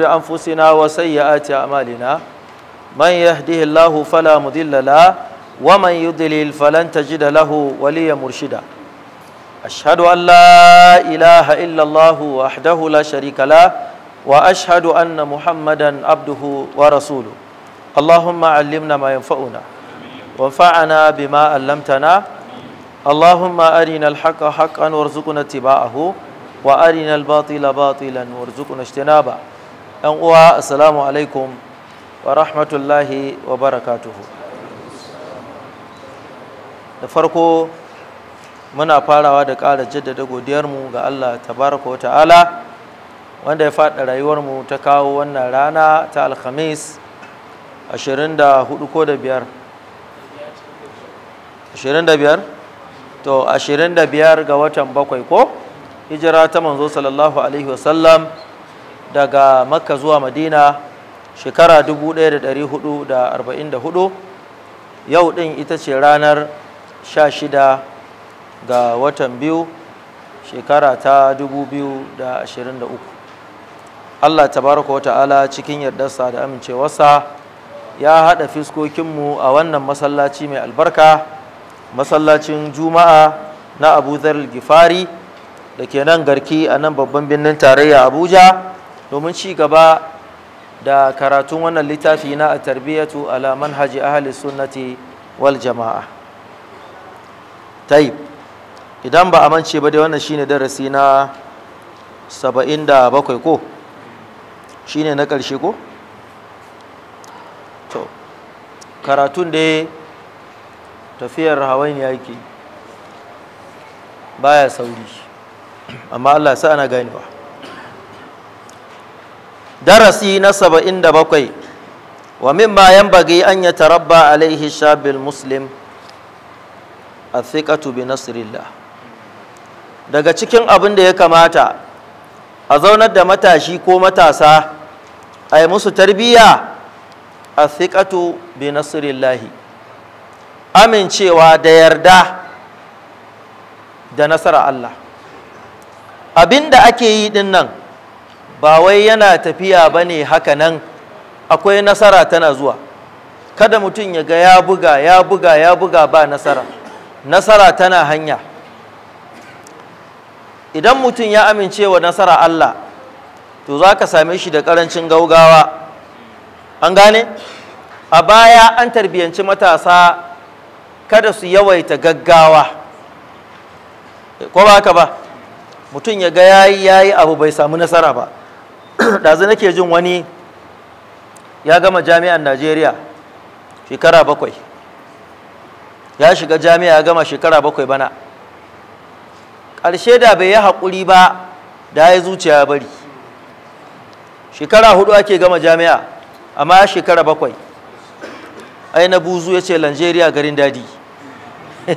أنفسنا وسيئات أعمالنا من يهده الله فلا مضل له ومن يضلل فلن تجد له وليا مرشدا أشهد أن لا إله إلا الله وحده لا شريك له وأشهد أن محمدا عبده ورسوله اللهم علمنا ما ينفعنا وانفعنا بما علمتنا اللهم أرنا الحق حقا وارزقنا اتباعه وأرنا الباطل باطلا وارزقنا اجتنابه yan uwa assalamu alaikum wa rahmatullahi wa barakatuhu da farko muna farawa da ƙara jaddada godiyarmu ga Allah tabaraka wa ta'ala wanda ya faɗa rayuwarmu ta kawo wannan rana ta alhamis 24 ko da biyar 25 to 25 ga watan bakwai ko hijira ta manzo sallallahu alaihi wasallam daga makka zuwa madina shekara 1444 yau din ita ce ranar 16 ga watan biyu shekara ta 2023 allah tabaraka wata'ala cikin yardarsa da amincewarsa ya haɗa fiskokinmu a wannan masallaci mai albarka masallacin juma'a na abu gifari da ke nan garki a nan babban birnin tarayya abuja domin ci gaba da karatun wannan littafi na a tarbiyyatu ala manhaji ahli sunnati wal jama'a taib idan ba a mance ba da wannan shine darasi na 77 ko shine na ƙarshe ko to karatun da tafiyar hawainiya yake baya sauri amma Allah sa ana ganewa darasi na saba'in da bakwai wa min bayan bagi an ya tarabba alaihi shabil muslim a bi daga cikin abin da ya kamata a zaunar da matashi ko matasa a yi musu tarbiyya a thiqatu bi nasirillahi amincewa da yarda da nasara Allah abin da ake yi din nan ba wai yana tafiya ba ne haka nan akwai nasara tana zuwa kada mutum ya ga ya buga ya buga ya buga ba nasara nasara tana hanya idan mutum ya amince wa nasara Allah to za ka same shi da ƙarancin gaugawa an gane a baya an tarbiyyanci matasa kada su yawaita gaggawa ko ba ka ba mutum ya ga yayi yayi abu bai samu nasara ba ɗazu nake jin wani ya gama jami'an najeriya shekara bakwai ya shiga jami'a ya gama shekara bakwai bana ƙarshe da bai yi haƙuri ba da ya zuciya ya bari shekara hudu ake gama jami'a amma ya shekara bakwai ai na buzu ya ce nigeria garin dadi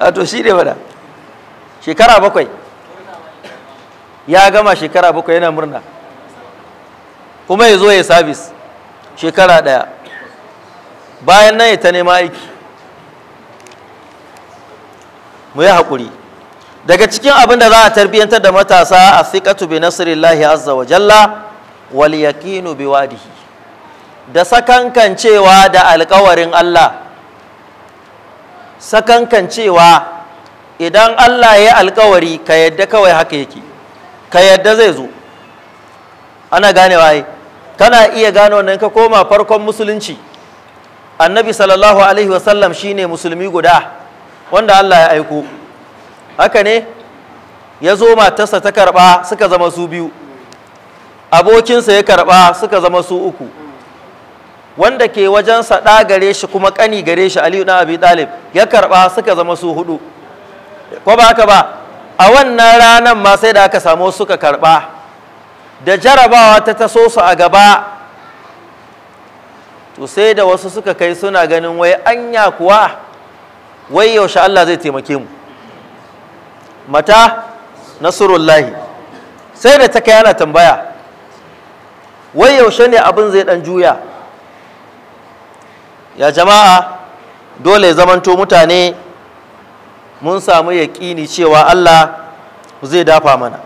a to shi ne bada shekara bakwai ya gama shekara buka yana murna kuma ya zo ya sabis shekara ɗaya bayan nan ya ta nema aiki mu yi haƙuri daga cikin abin da za a tarbiyyantar da matasa a fiƙatu bi nasirillahi azza wa jalla wal yaqinu bi wadihi da sakankancewa da alƙawarin Allah sakankancewa idan Allah ya alƙawari ka yadda kawai haka yake ka yadda zai zo ana ganewa ai kana iya gano wannan ka koma farkon musulunci annabi sallallahu alaihi wasallam shine musulmi guda wanda Allah ya aiko haka ne ya zo matarsa ta karba suka zama su biyu abokinsa ya karba suka zama su uku wanda ke wajensa ɗa gare shi kuma ƙani gare shi aliyu na abi ɗalib ya karba suka zama su hudu ko ba haka ba a wannan ranar ma sai da aka samu suka karɓa da jarabawa ta taso su a gaba to sai da wasu suka kai suna ganin wai anya kuwa wai yaushe Allah zai taimake mu mata nasurullahi sai da ta kai ana tambaya wai yaushe ne abin zai dan juya ya jama'a dole zamanto mutane mun samu ƙini cewa Allah zai dafa mana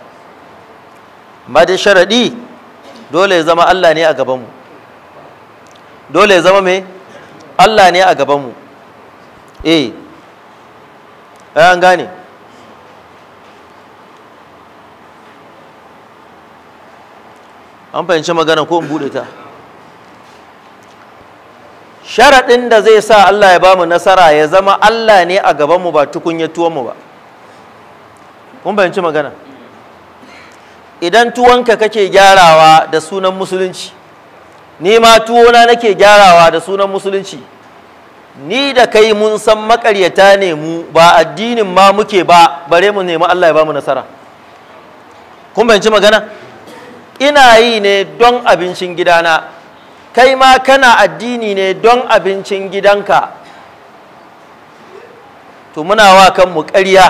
madi sharaɗi dole ya zama Allah ne a gabanmu dole ya zama mai Allah ne a gabanmu eh an gane an fahimci magana ko in buɗe ta sharaɗin da zai sa Allah ya bamu nasara ya zama Allah ne a gabanmu ba tuwon mu ba kun bayanci magana idan tuwonka kake gyarawa da sunan musulunci ni ma tuwona nake gyarawa da sunan musulunci ni da kai mun san makaryata ne mu ba addinin ma muke ba bare mu nemi Allah ya bamu nasara kun bayanci magana ina yi ne don abincin gidana kai ma kana addini ne don abincin gidanka to muna wa kanmu ƙarya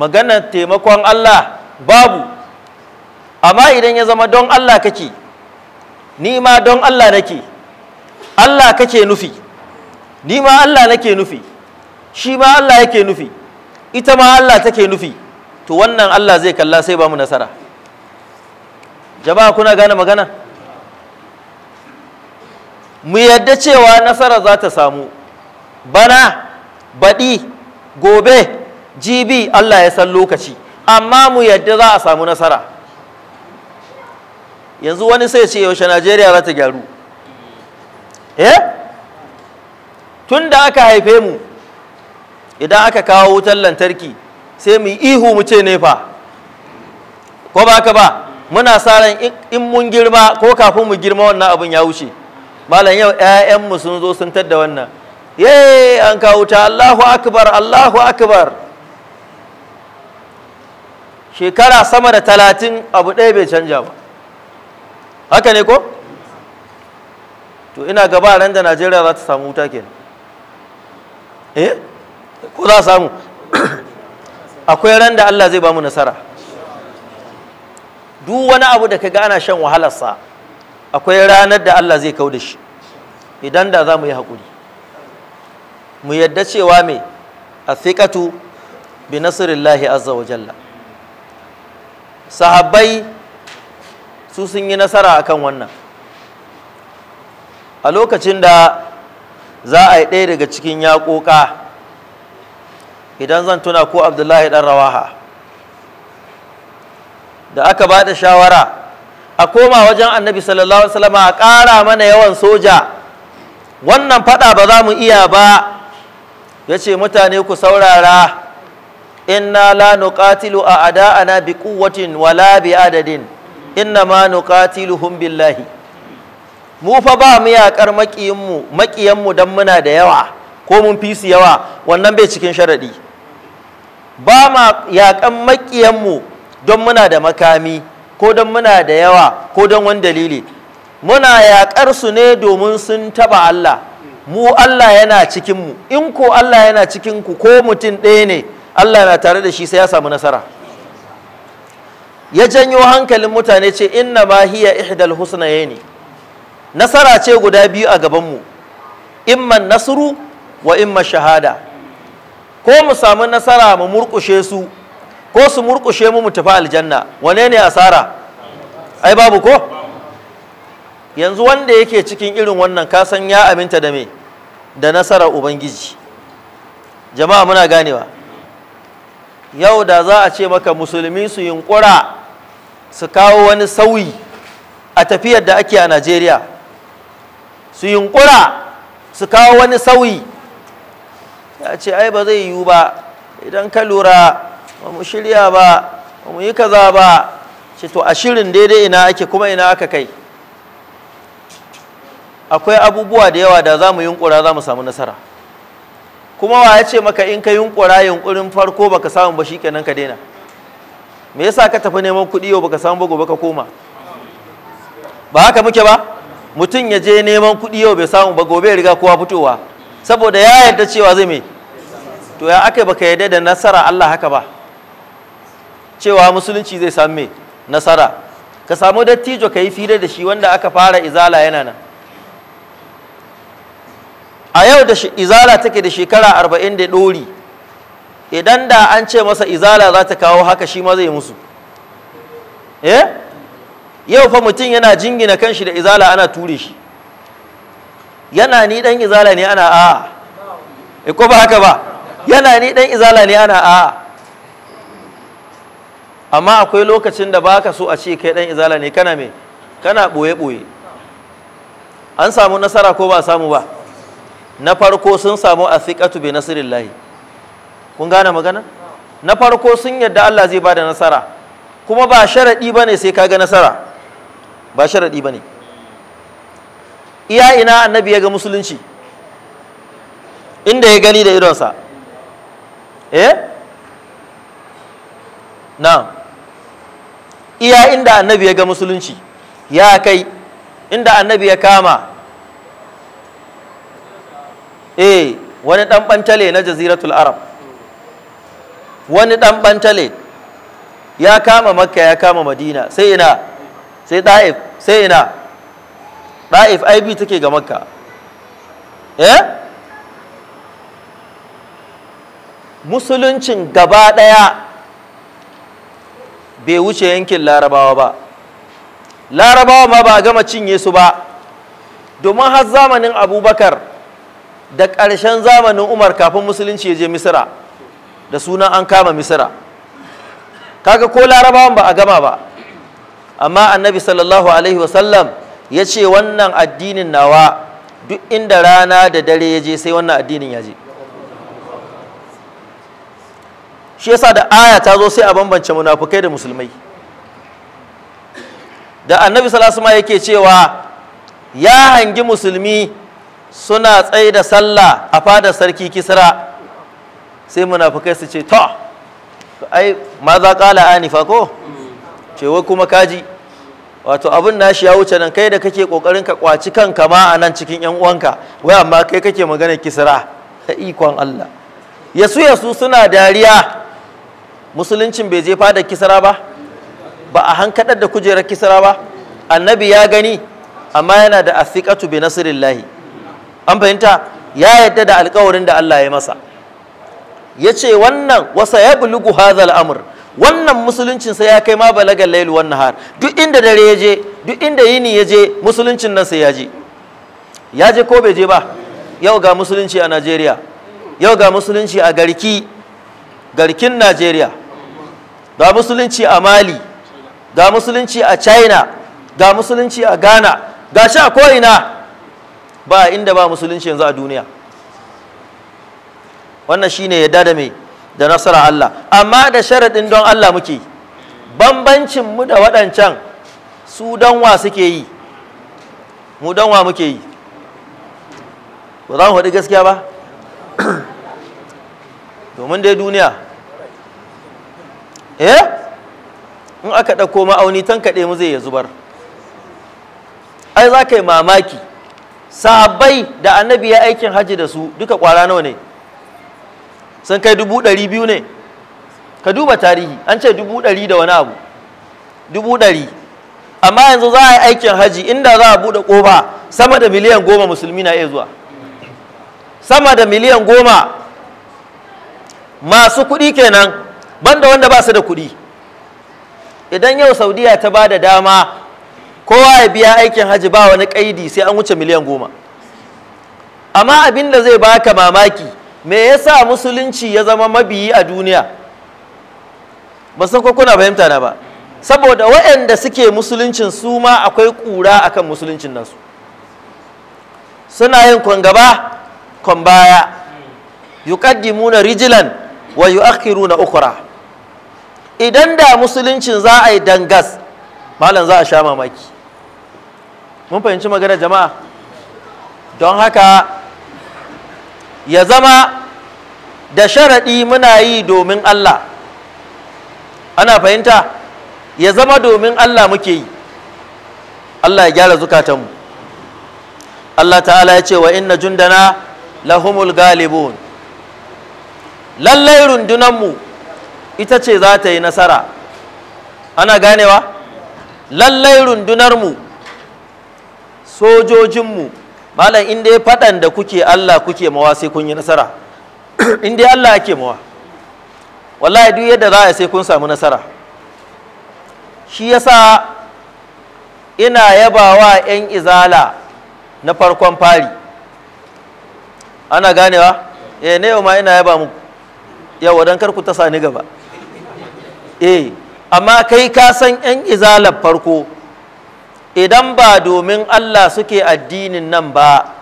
maganar taimakon Allah babu amma idan ya zama don Allah kake ni ma don Allah nake Allah kake nufi ni ma Allah nake nufi shi ma Allah yake nufi ita ma Allah take nufi to wannan Allah zai kalla sai ba mu nasara jama'a kuna gane magana mu yadda cewa nasara za ta samu bana baɗi gobe jibi Allah ya san lokaci amma mu yadda za a samu nasara yanzu wani sai ce yaushe Najeriya za ta gyaru eh tun da aka haife mu idan aka kawo wutar lantarki sai mu ihu mu ce nefa ko ba ka ba muna sa ran in mun girma ko kafin mu girma wannan abin ya wuce malam yau ƴaƴanmu sun zo sun tadda wannan ye an kawo ta Allahu akbar Allahu akbar shekara sama da talatin abu ɗaya bai canja ba haka ne ko to ina gaba ran da Najeriya za ta samu wuta ke. eh ko za samu akwai ran da Allah zai ba mu nasara duk wani abu da kaga ana shan wahalarsa akwai ranar da Allah zai kau da shi idan da za mu yi haƙuri mu yadda cewa mai a fiƙatu bi nasirillahi azza wa jalla sahabbai su sun yi nasara akan wannan a lokacin da za a yi ɗaya daga cikin yaƙoƙa idan zan tuna ko abdullahi ɗan rawaha da aka ba da shawara a koma wajen annabi sallallahu alaihi a ƙara mana yawan soja wannan fada ba za mu iya ba yace mutane ku saurara inna la nuqatilu a ada'ana bi quwwatin wala bi adadin inna ma nuqatiluhum billahi mu fa ba mu yaƙar maƙiyinmu maƙiyanmu don muna da yawa ko mun fi su yawa wannan bai cikin sharaɗi ba ma yaƙan mu don muna da makami ko don muna da yawa ko don wani dalili muna yaƙar su ne domin sun taba Allah mu Allah yana cikinmu. in ko Allah yana cikinku ko mutum ɗaya ne Allah na tare da shi sai ya samu nasara ya janyo hankalin mutane ce inna ma hiya ihdal ne. nasara ce guda biyu a gabanmu, mu man nasru wa imma shahada ko mu samu nasara mu murkushe su ko su murkushe mu mu tafi aljanna wane ne asara ai babu ko yanzu wanda yake cikin irin wannan kasan ya aminta da me da nasarar ubangiji jama'a muna ganewa yau da za a ce maka musulmi su yunkura su kawo wani sauyi a tafiyar da ake a najeriya su yunkura su kawo wani sauyi ya ce ai ba zai yiwu ba idan ka lura ba mu shirya ba ba mu yi kaza ba ce to a shirin daidai ina ake kuma ina aka kai akwai abubuwa da yawa da za mu yunkura za mu samu nasara kuma wa ya ce maka in ka yunkura yunkurin farko baka samu ba shikenan ka daina me yasa ka tafi neman kuɗi yau baka samu ba gobe ka koma ba haka muke ba mutum ya je neman kuɗi yau bai samu ba gobe ya riga kowa fitowa saboda ya yarda cewa zai me to ya aka baka yarda da nasara Allah haka ba cewa musulunci zai sami mai nasara ka samu dattijo ka yi fira da shi wanda aka fara izala yana nan a yau da izala take da shekara arba'in da ɗori idan da an ce masa izala za ta kawo haka shi ma zai musu eh? yau fa mutum yana jingina kanshi da izala ana ture shi yana ni dan izala ne ana a'a eh, ko ba haka ba yana ni dan izala ne ana a'a amma akwai lokacin da baka so a ce kai dan izala ne kana me kana boye boye an samu nasara ko ba samu ba na farko sun samu athiqatu bi nasrillah kun gane magana na farko sun yadda Allah zai bada nasara kuma ba sharadi bane sai kaga nasara ba sharadi bane iya ina annabi ya ga musulunci inda ya gani da idonsa eh na'am iya inda annabi ya ga musulunci ya kai inda annabi ya kama eh wani dan bantale na jaziratul arab wani dan bantale ya kama makka ya kama madina sai ina sai da'if sai ina da'if ib take ga makka eh musuluncin gaba daya bai wuce yankin larabawa ba larabawa ma ba gama cinye su ba domin har zamanin abubakar da ƙarshen zamanin umar kafin musulunci ya je misira da suna an kama misira kaga ko larabawan ba a gama ba amma annabi sallallahu alaihi wasallam ya ce wannan addinin nawa duk inda rana da dare ya je sai wannan addinin ya je shi yasa da aya ta zo sai a bambance munafukai da musulmai da annabi salasuma yake cewa ya hangi musulmi suna tsaye da sallah a fadar sarki kisra sai munafukai su ce to ai ma za kala anifa ko cewa kuma kaji wato abin nashi ya wuce nan kai da kake kokarin ka kwaci kanka ma a nan cikin yan uwanka wai amma kai kake magana kisra ta ikon Allah yasu yasu suna dariya musuluncin bai je fadar kisara ba ba a hankadar da kujerar kisara ba annabi ya gani amma yana da asiqatu bi nasrillahi an fahimta ya yadda da alkawarin da Allah ya masa ya ce wannan wasa ya bulugu hazal amur wannan musuluncin sai ya kai ma balagal lailu wannan har. duk inda dare ya je duk inda yini ya je musuluncin nan sai ya je ya je ko bai je ba yau ga musulunci a Najeriya yau ga musulunci a garki garkin Najeriya ga musulunci a mali ga musulunci a china ga musulunci a ghana ga shi a ko'ina ba inda ba musulunci yanzu a duniya wannan shine yadda da mai da nasara Allah amma da sharaɗin don Allah muke bambancin mu da waɗancan su don wa suke yi mu don wa muke yi ba za mu haɗu gaskiya ba domin dai duniya eh in aka ɗauko ma'auni tankaɗe mu zai ya zubar ai za ka yi mamaki sahabbai da annabi ya aikin hajji da su duka kwara nawa ne sun kai dubu ɗari biyu ne ka duba tarihi an ce dubu ɗari da wani abu dubu ɗari amma yanzu za a yi aikin hajji inda za a buɗe ƙofa sama da miliyan goma musulmi na iya zuwa sama da miliyan goma masu kuɗi kenan banda wanda ba su da kuɗi idan yau saudiya ta ba da dama kowa ya biya aikin hajji ba wani ƙaidi sai an wuce miliyan goma amma abin da zai baka mamaki me yasa musulunci ya zama mabiyi a duniya ba san ko kuna fahimta na ba saboda waɗanda suke musuluncin su ma akwai ƙura akan musuluncin nasu suna yin kwan gaba kwan baya yuqaddimuna rijilan, wa na ukhra idan da musuluncin za a yi dangas malam za a sha mamaki mun fahimci magana jama'a don haka ya zama da sharaɗi muna yi domin Allah ana fahimta ya zama domin Allah muke yi Allah ya gyara zukatanmu Allah ta'ala ya ce wa inna jundana lahumul galibun lallai rundunanmu ita ce za ta yi nasara ana ganewa lallai rundunarmu sojojinmu malam in dai faɗan da kuke Allah kuke mawa sai kun yi nasara in dai Allah ake mawa wallahi duk yadda za a sai kun samu nasara shi yasa ina yabawa 'yan izala na farkon fari ana ganewa eh ne yau ma ina yaba mu yau wadankar kar ku ta sani gaba eh amma kai ka san 'yan izalar farko idan ba domin Allah suke addinin nan ba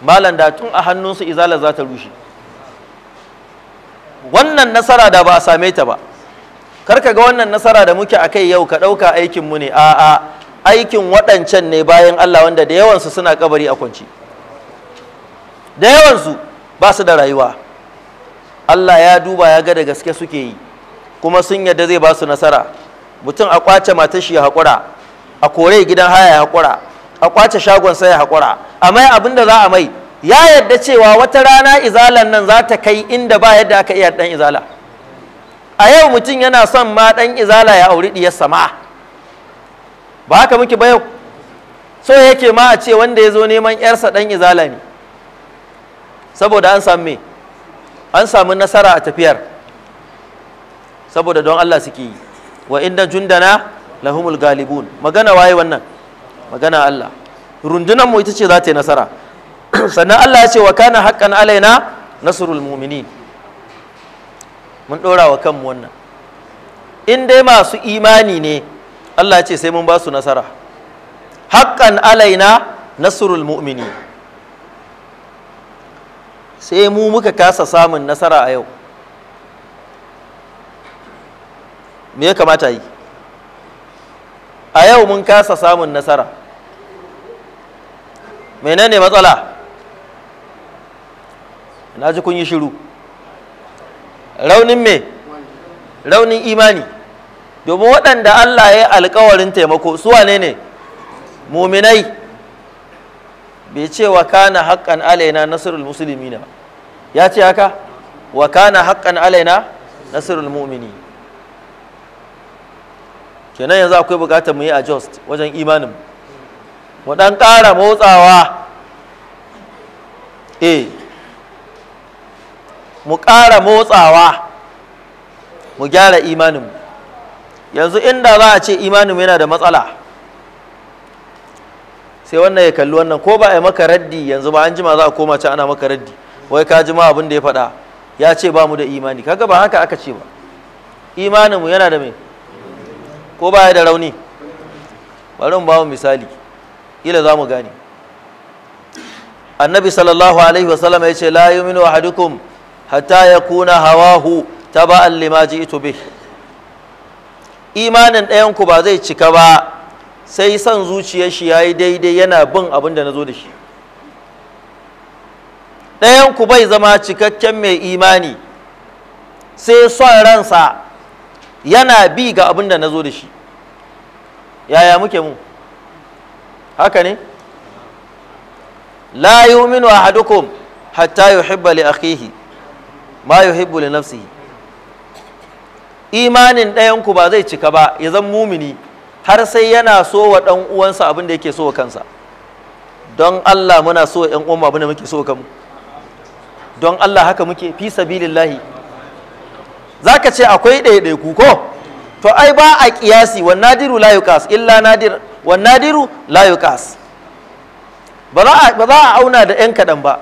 malam da tun a hannunsu izalar za ta rushe wannan nasara da ba a same ta ba karka ga wannan nasara da muke a kai yau ka ɗauka aikinmu ne a'a aikin waɗancan ne bayan Allah wanda da yawansu suna kabari a kwanci da yawansu ba su da rayuwa Allah ya duba ya ga da gaske suke yi kuma sun yadda zai ba su nasara mutum a kwace matar shi ya haƙura a kore gidan haya ya haƙura a kwace shagon sai ya haƙura a mai abin da za a mai ya yadda cewa wata rana izalan nan za ta kai inda ba yadda aka iya dan izala a yau mutum yana son ma dan izala ya auri diyar sama ba haka muke ba yau so yake ma a ce wanda ya zo neman yarsa dan izala ne saboda an samu an samu nasara a tafiyar saboda don Allah suke yi wa inda jundana lahumul galibun magana waye wannan magana Allah rundunan mu ita ce za ta yi nasara sannan Allah ya ce wa kana haqqan alaina nasrul mu'minin mun dora wa kanmu wannan in dai masu imani ne Allah ya ce sai mun ba su nasara haqqan alaina nasrul mu'minin sai mu muka kasa samun nasara a yau me ya kamata yi a yau mun kasa samun nasara menene matsala na ji kun yi shiru raunin me raunin imani domin waɗanda Allah ya yi alkawarin taimako su wane ne muminai bai ce wa kana haƙƙan alaina nasirul musulmi ba ya ce haka wa kana haƙƙan alaina nasirul mumini kenan yanzu akwai bukatar mu yi adjust wajen imanin mu dan ƙara motsawa eh mu ƙara motsawa mu gyara imanin mu yanzu inda za a ce imanin yana da matsala sai wannan ya kalli wannan ko ba a yi maka raddi yanzu ba an jima za a koma can ana maka raddi wai ka jima abin da ya faɗa ya ce ba mu da imani kaga ba haka aka ce ba imaninmu yana da mai ko baya da rauni bari mu ba mu misali kila za mu gane annabi sallallahu alaihi wasallam ya ce la yuminu ahadukum hatta yakuna hawahu taba'an lima ji'tu bih imanin ɗayan ku ba zai cika ba sai san zuciyar shi yayi daidai yana bin abin da nazo da shi ɗayan ku bai zama cikakken mai imani sai son ransa yana bi ga abin da na zo da shi yaya muke mu haka ne la yu'minu ahadukum hatta yuhibba li akhihi ma yuhibbu li nafsihi imanin ɗayanku ba zai cika ba ya zan mumini har sai yana so wa ɗan uwansa abin da yake so wa kansa don Allah muna so wa ‘yan uwan abin da muke so kanmu don Allah haka muke fi sabilillahi za ka ce akwai ɗaiɗaiku ko to ai ba a ƙiyasi wa nadiru la yuqas illa nadir wa nadiru la yuqas ba za a auna da yan kaɗan ba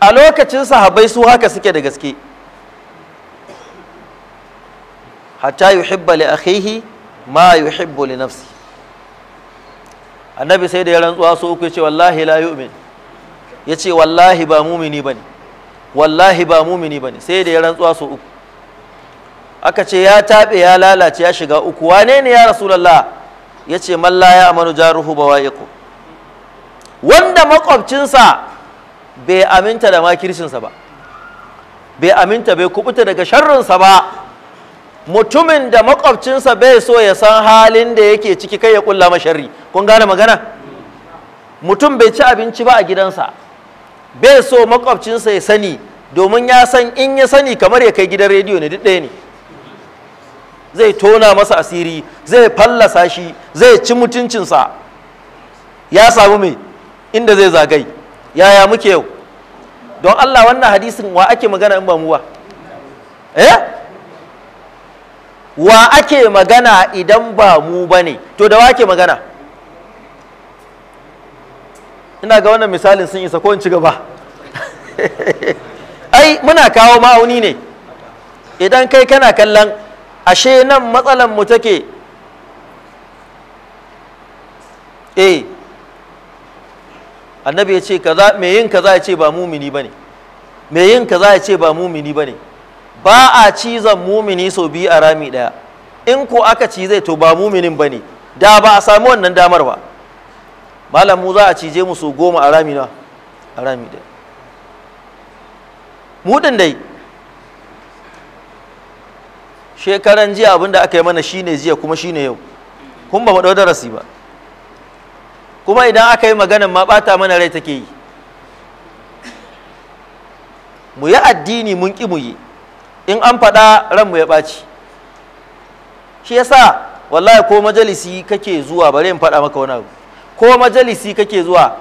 a lokacin sahabai su haka suke da gaske hatta yuhibba li akhihi ma yuhibbu li nafsi annabi sai da ya rantsuwa so uku ya ce wallahi la yu'min ya ce wallahi ba mumini bane wallahi ba mumini bane sai da ya rantsuwa su uku aka ce ya taɓe ya lalace ya shiga uku wane ne ya rasulullah ya ce malla ya amanu jaruhu bawaiqu wanda makwabcinsa bai aminta da makircinsa ba bai aminta bai kubuta daga sharrinsa ba mutumin da makwabcinsa bai so ya san halin da yake ciki kai ya kulla masharri kun gane magana mutum bai ci abinci ba a gidansa bai so makwabcinsa ya sani domin ya san in ya sani kamar ya kai gidan rediyo ne duk ɗaya ne zai tona masa asiri zai fallasa shi zai ci mutuncinsa ya samu mai inda zai zagai yaya muke yau don Allah wannan hadisin wa ake magana in ba mu ba eh wa ake magana idan ba mu ba ne to da wa ake magana ina ga wannan misalin sun isa ko in ci gaba ai muna kawo ma'auni ne idan kai kana kallon ashe nan matsalan mu take eh annabi ya ce kaza me yin kaza ya ce ba mumini bane me yin kaza ya ce ba mumini bane ba a cizon mumini sau biyu a rami daya in ko aka ci zai to ba muminin bane da ba a sami wannan damar ba malam mu za a cije mu so goma a rami na a rami mu din dai shekaran jiya abin aka yi mana shine jiya kuma shine yau kun ba mu dau darasi ba kuma idan aka yi maganan ma bata mana rai take yi mu yi addini mun ki mu yi in an faɗa ran mu ya ɓaci shi yasa wallahi ko majalisi kake zuwa bare in faɗa maka wani abu ko majalisi kake zuwa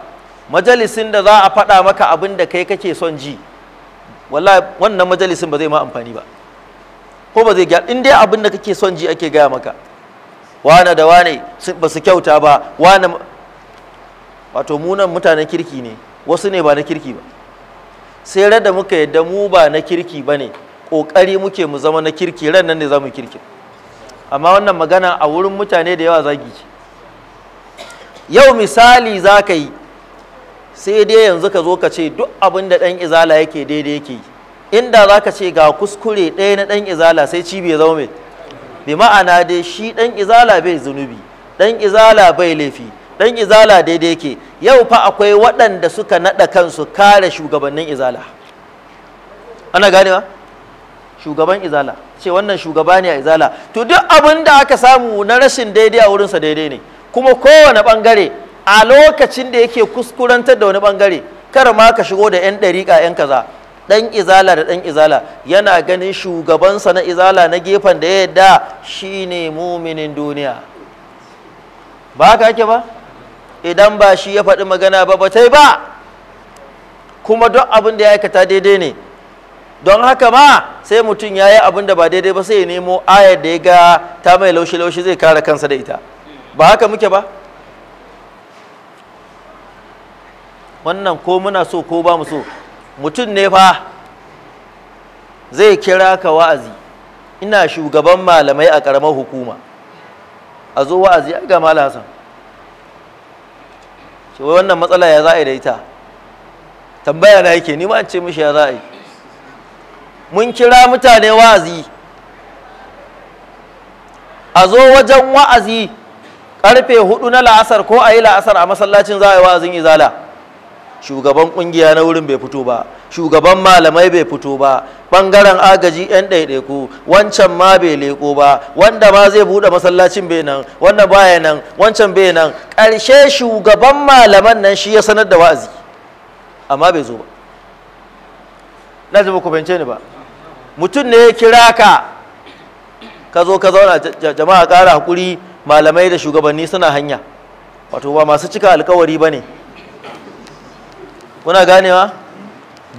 majalisin da za a faɗa maka abin da kai kake son ji wallahi wannan majalisin ba zai ma amfani ba ko ba zai in dai abin da kake son ji ake gaya maka wane da wane ba su kyauta ba wane wato munan mutanen kirki ne wasu ne ba na kirki ba sai rada muka yadda mu ba na kirki ba ne ƙoƙari muke mu zama na kirki ran nan ne za mu kirki amma wannan magana a wurin mutane da yawa zagi ce yau misali za ka yi sai dai yanzu ka zo ka ce duk abin da ɗan izala yake daidai yake yi inda za ka ce ga kuskure ɗaya na ɗan izala sai ci bai zama mai bi ma'ana dai shi ɗan izala bai zunubi ɗan izala bai laifi ɗan izala daidai yake yau fa akwai waɗanda suka naɗa kansu kare shugabannin izala ana gane ba shugaban izala ce wannan shugaba ne a izala to duk abin da aka samu na rashin daidai a wurinsa daidai ne kuma kowane bangare a lokacin da yake kuskurantar da wani bangare kar ma ka shigo da yan dariƙa yan kaza ɗan izala da ɗan izala yana ganin shugabansa na izala na gefen da ya yadda shine muminin duniya ba ka ake ba idan ba shi ya faɗi magana ba ba ta ba kuma duk abin da ya aikata daidai ne don haka ma sai mutum ya yi abin da ba daidai ba sai ya nemo ayar da ya ga ta mai laushi-laushi zai kare kansa da ita ba haka muke ba wannan ko muna so ko ba mu so mutum ne fa zai kira ka wa'azi ina shugaban malamai a ƙaramar hukuma a zo wa'azi a ga mala hasan ce wai wannan matsala ya za a yi da ita tambaya na yake ni ma an ce mishi ya za a yi mun kira mutane wa'azi a zo wajen wa'azi karfe hudu na la'asar ko a yi la'asar a masallacin za a yi wa'azin izala shugaban kungiya na wurin bai fito ba shugaban malamai bai fito ba bangaren agaji yan ɗaiɗaiku wancan ma bai leko ba wanda ma zai buɗe masallacin bai nan wanda baya nan wancan bai nan ƙarshe shugaban malaman nan shi ya sanar da wa'azi amma bai zo ba na ji ku fahimce ni ba mutum ne ya kira ka ka zo ka zauna jama'a ƙara hakuri malamai da shugabanni suna hanya wato ba masu cika alkawari ba ne kuna ganewa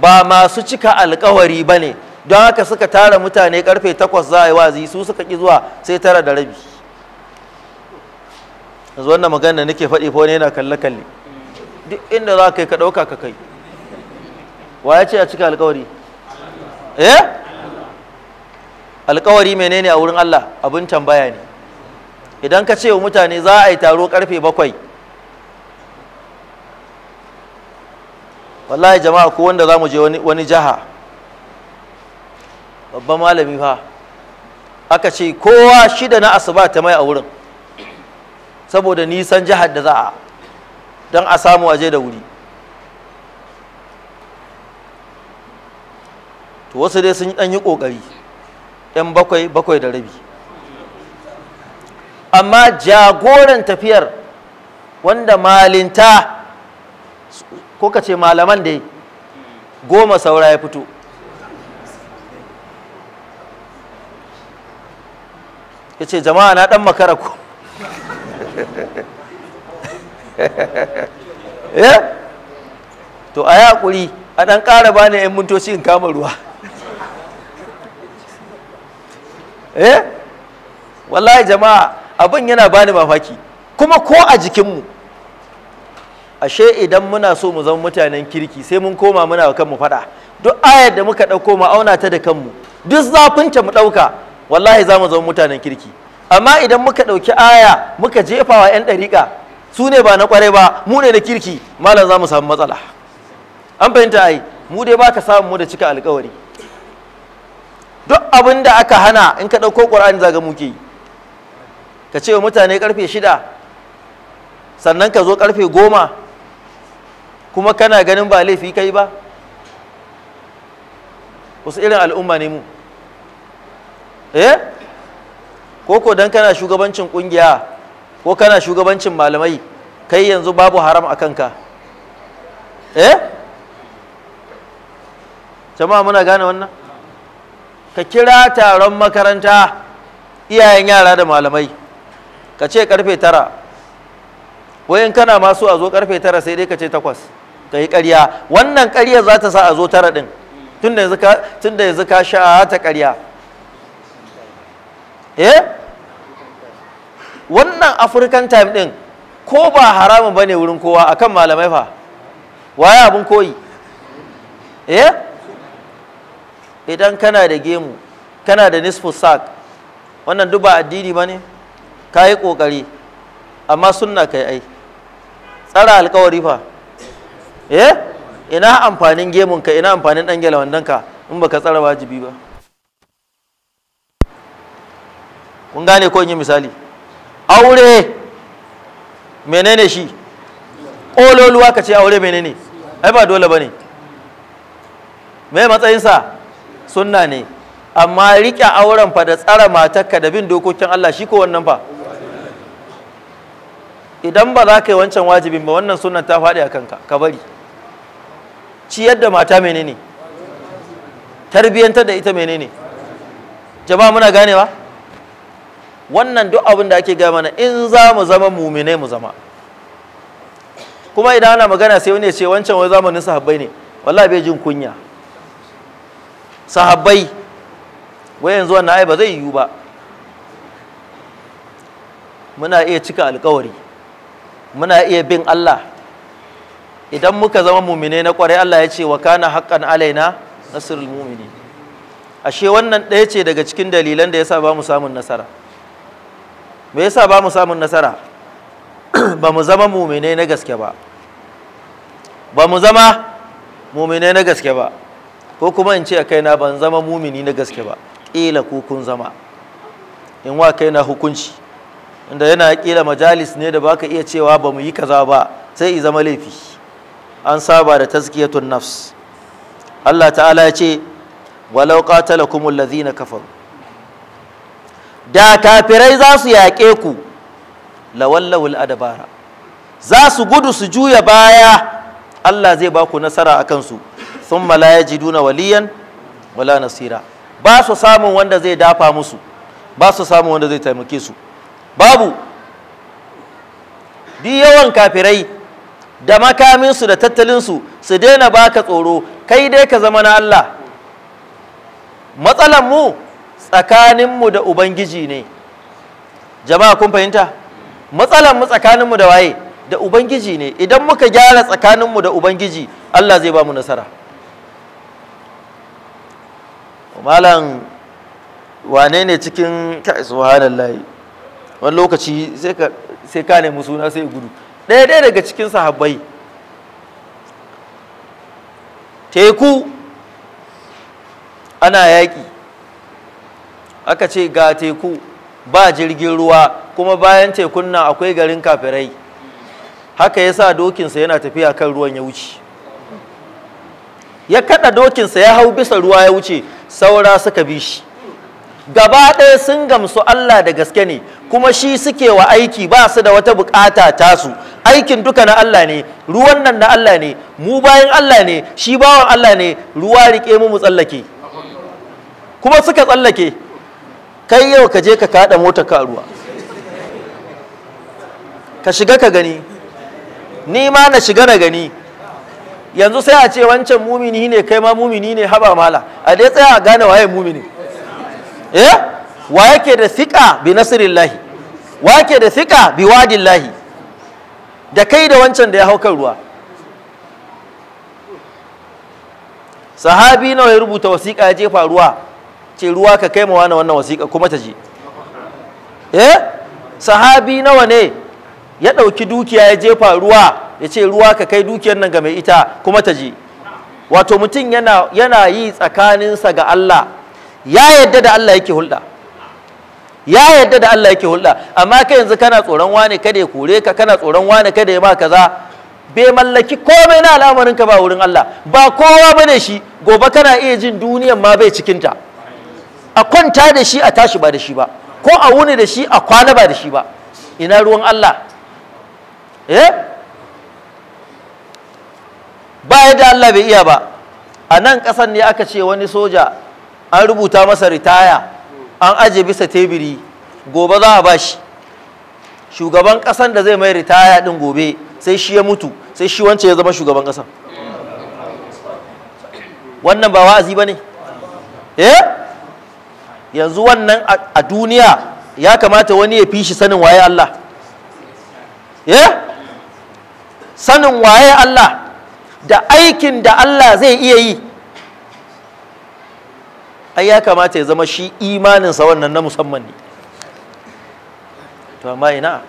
ba masu cika alkawari ba ne don haka suka tara mutane karfe takwas za a yi wazi su suka ƙi zuwa sai tara da rabi yanzu wannan magana nake faɗi fa wani yana kalle-kalle duk inda za ka yi ka ɗauka ka kai wa ya ce a cika alkawari eh alkawari menene a wurin Allah abin tambaya ne idan ka ce wa mutane za a yi taro karfe bakwai wallahi jama'a ko wanda za mu je wani jiha babban malami fa aka ce kowa shida na asuba ta mai a wurin saboda nisan jihar da za a don a samu waje da wuri to wasu dai sun yi ɗan yi ƙoƙari 'yan bakwai bakwai da rabi amma jagoran tafiyar wanda malinta ko ka ce malaman dai goma saura ya fito ya ce jama'a na dan makara ku eh? to a yaƙuri a ɗan kara ba ni 'yan mintoci in kama ruwa eh wallahi jama'a abin yana bani mafaki kuma ko a jikinmu ashe idan muna so mu zama mutanen kirki sai mun koma muna wa kanmu faɗa duk ayar da muka ɗauko mu auna ta da kanmu duk zafinta mu ɗauka wallahi za mu zama mutanen kirki amma idan muka ɗauki aya muka jefa wa 'yan ɗariƙa su ne ba na ƙwarai ba mu ne na kirki malam za mu samu matsala an fahimta ai mu dai baka samu mu da cika alƙawari duk abin da aka hana in ka ɗauko ƙur'ani za muke yi ka ce wa mutane karfe shida sannan ka zo karfe goma kuma kana ganin ba laifi kai ba wasu irin al'umma ne mu eh ko dan kana shugabancin kungiya ko kana shugabancin malamai kai yanzu babu haram a kanka eh jama'a muna gane wannan ka kira taron makaranta iyayen yara da malamai ka ce karfe tara wayan kana masu a zo karfe tara sai dai ka ce takwas ka yi karya, wannan karya za ta sa a zo tara din tun da yanzu ka sha ta karya, eh wannan african time din ko ba haramun ba ne wurin kowa akan malamai fa waye abin koyi eh idan kana da gemu kana da nisfu sak wannan duk ba addini ba ne ka yi ƙoƙari amma sunna kai ai tsara alkawari fa eh ina amfanin gemunka ina amfanin ɗan ka in baka tsara wajibi ba kun gane ko yi misali aure menene shi ƙololuwa ka ce aure menene ai ba dole ba ne mai matsayinsa sunna ne amma riƙe auren fa da tsara matarka da bin dokokin Allah shi ko wannan fa idan ba za ka yi wancan wajibin ba wannan sunan ta faɗi a kanka ka bari ciyar da mata menene tarbiyyantar da ita menene jama'a muna ganewa wannan duk abin da ake gaya mana in za mu zama mumine mu zama kuma idan ana magana sai wani ce wancan wai zamanin sahabbai ne wallahi bai jin kunya sahabbai wai yanzu wannan ai ba zai yiwu ba muna iya cika alkawari muna iya bin Allah idan muka zama mumine na kwarai Allah ya ce wa kana haƙƙan alaina nasrul mumini ashe wannan ɗaya ce daga cikin dalilan da ya sa ba mu samun nasara me yasa ba mu samun nasara ba mu zama mumine na gaske ba ba mu zama mumine na gaske ba ko kuma in ce a kaina ban zama mumini na gaske ba ƙila ko kun zama in wa kaina hukunci inda yana kila majalis ne da baka iya cewa ba mu yi kaza ba sai i zama laifi an saba da tazkiyatun nafs Allah ta'ala ya ce walau qatalakumul ladzina kafaru da kafirai za su yaƙe ku lawallawul adabara za su gudu su juya baya Allah zai ba ku nasara a kansu thumma la yajiduna waliyan wala nasira ba su samun wanda zai dafa musu ba su samun wanda zai taimake su babu bi yawan kafirai da makaminsu da tattalinsu su daina baka tsoro kai dai ka zama na Allah mu tsakaninmu da ubangiji ne jama'a kun fahimta mu tsakaninmu da waye da ubangiji ne idan muka gyara tsakaninmu da ubangiji Allah zai ba mu nasara malam wane ne cikin subhanallahi wani lokaci sai ka nemi suna sai gudu ɗaya ɗaya daga cikin sahabbai teku ana yaƙi aka ce ga teku ba jirgin ruwa kuma bayan tekun nan akwai garin kafirai haka ya sa dokinsa yana tafiya kan ruwan ya wuce ya kada dokinsa ya hau bisa ruwa ya wuce saura suka bi shi gaba ɗaya sun gamsu Allah da gaske ne kuma shi suke wa aiki ba su da wata bukata tasu aikin duka na Allah ne ruwan nan na Allah ne mu bayan Allah ne shi bawan Allah ne ruwa rike mu mu tsallake kuma suka tsallake kai yau ka je ka kada mota ka ruwa ka shiga ka gani ni ma na shiga na gani yanzu sai a ce wancan mumini ne kai ma mumini ne haba mala a dai tsaya a gane waye mumini eh wa yake da siƙa bi nasirillahi? wa yake da siƙa bi wadillahi da kai da wancan da ya hau kan ruwa sahabi nawa ya rubuta wasiƙa ya jefa ruwa ce ruwa ka kai mawa na wannan wasiƙa kuma ta je eh sahabi nawa ne ya ɗauki dukiya ya jefa ruwa ya ce ruwa ka kai dukiyar nan ga mai ita kuma ta je wato mutum yana yi tsakaninsa ga Allah ya yadda da Allah yake hulɗa ya yadda da Allah yake hulɗa amma kai yanzu kana tsoron wane kada ya kore ka kana tsoron wane kada ya ma kaza bai mallaki komai na al'amarin ka ba wurin Allah ba kowa bane shi gobe kana iya jin duniyan ma bai cikin ta a kwanta da shi a tashi ba da shi ba ko a wuni da shi a kwana ba da shi ba ina ruwan Allah eh ba yadda Allah bai iya ba a nan ƙasar ne aka ce wani soja an rubuta masa ritaya an aje bisa teburi, gobe za a bashi shugaban kasan da zai mai ritaya din gobe sai shi ya mutu sai shi wance ya zama shugaban kasan wannan ba wa'azi ba ne eh yanzu wannan a duniya ya kamata wani ya fi shi sanin waye Allah eh sanin waye Allah da aikin da Allah zai iya yi ai ya kamata ya zama shi imaninsa wannan na musamman ne to amma ina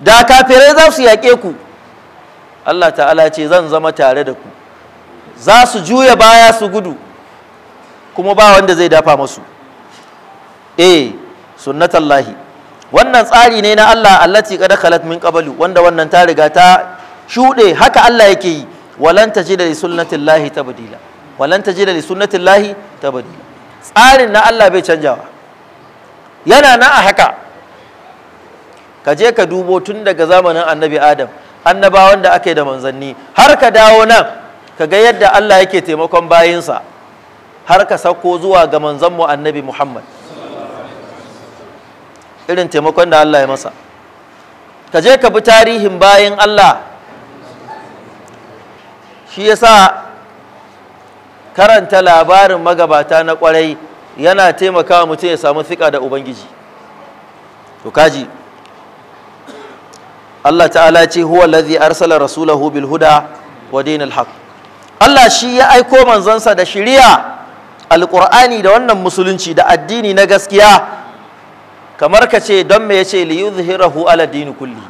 da kafirai za su yaƙe ku Allah ta'ala ce zan zama tare da ku za su juya baya su gudu kuma ba wanda zai dafa masu eh sunnatallahi wannan tsari ne na Allah allati kada khalat min qablu wanda wannan ta riga ta shuɗe haka Allah yake yi walan tajida li sunnatillahi tabdila walan tajida li ta bari. tsarin na Allah bai canjawa yana na a haka ka je ka dubo tun daga zamanin annabi adam annabawan da ake da manzanni har ka dawo nan ka ga yadda Allah yake taimakon bayinsa har ka sako zuwa ga manzanmu annabi muhammad irin taimakon da Allah ya masa ka je ka bi tarihin bayin Allah shi yasa karanta labarin magabata na kwarai yana taimakawa mutum ya samu fiƙa da ubangiji to kaji Allah ta'ala ce huwa allazi arsala rasulahu bil huda wa dinil haq Allah shi ya aiko manzansa da shiriya alqur'ani da wannan musulunci da addini na gaskiya kamar ka ce don me yace li yuzhirahu ala dini kulli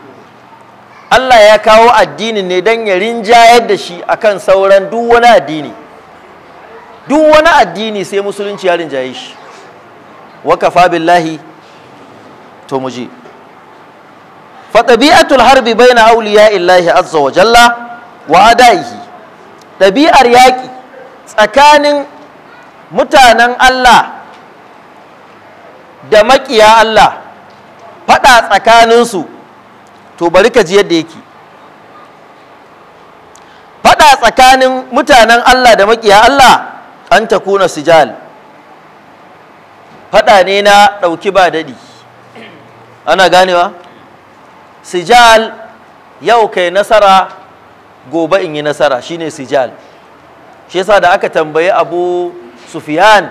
Allah ya kawo addinin ne don ya rinjayar da shi akan sauran duk wani addini duk wani addini sai musulunci ya rinjaye shi wa kafa billahi to mu ji fa tabi'atul harbi baina illahi azza wa jalla wa adaihi ɗabi'ar yaƙi tsakanin mutanen Allah da maƙiya Allah faɗa tsakaninsu to bari ka ji yadda yake faɗa tsakanin mutanen Allah da maƙiya Allah an ta kuna sijal faɗa ne na ɗauki ba daɗi ana ganewa sijal yau kai nasara gobe in yi nasara shine sijal shi yasa da aka tambayi abu sufiyan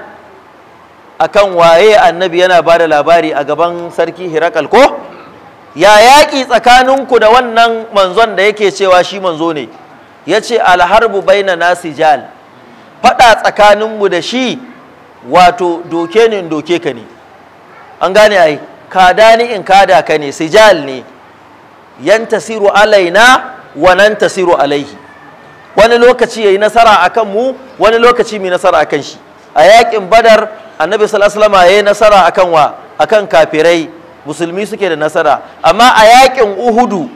akan waye annabi yana ba da labari a gaban sarki hirakal ko ya yaƙi tsakaninku da wannan manzon da yake cewa shi manzo ne ya ce alharbu baina na sijal faɗa tsakaninmu da shi wato doke ni in doke ka ne an gane ai kada ni in kada ka ne sijal ne yan tasiru alaina wa nan tasiru alaihi wani lokaci ya yi nasara akan mu wani lokaci mai nasara a kan shi a yakin badar annabi sallallahu ya yi nasara akan wa a kan kafirai musulmi suke da nasara amma a yaƙin uhudu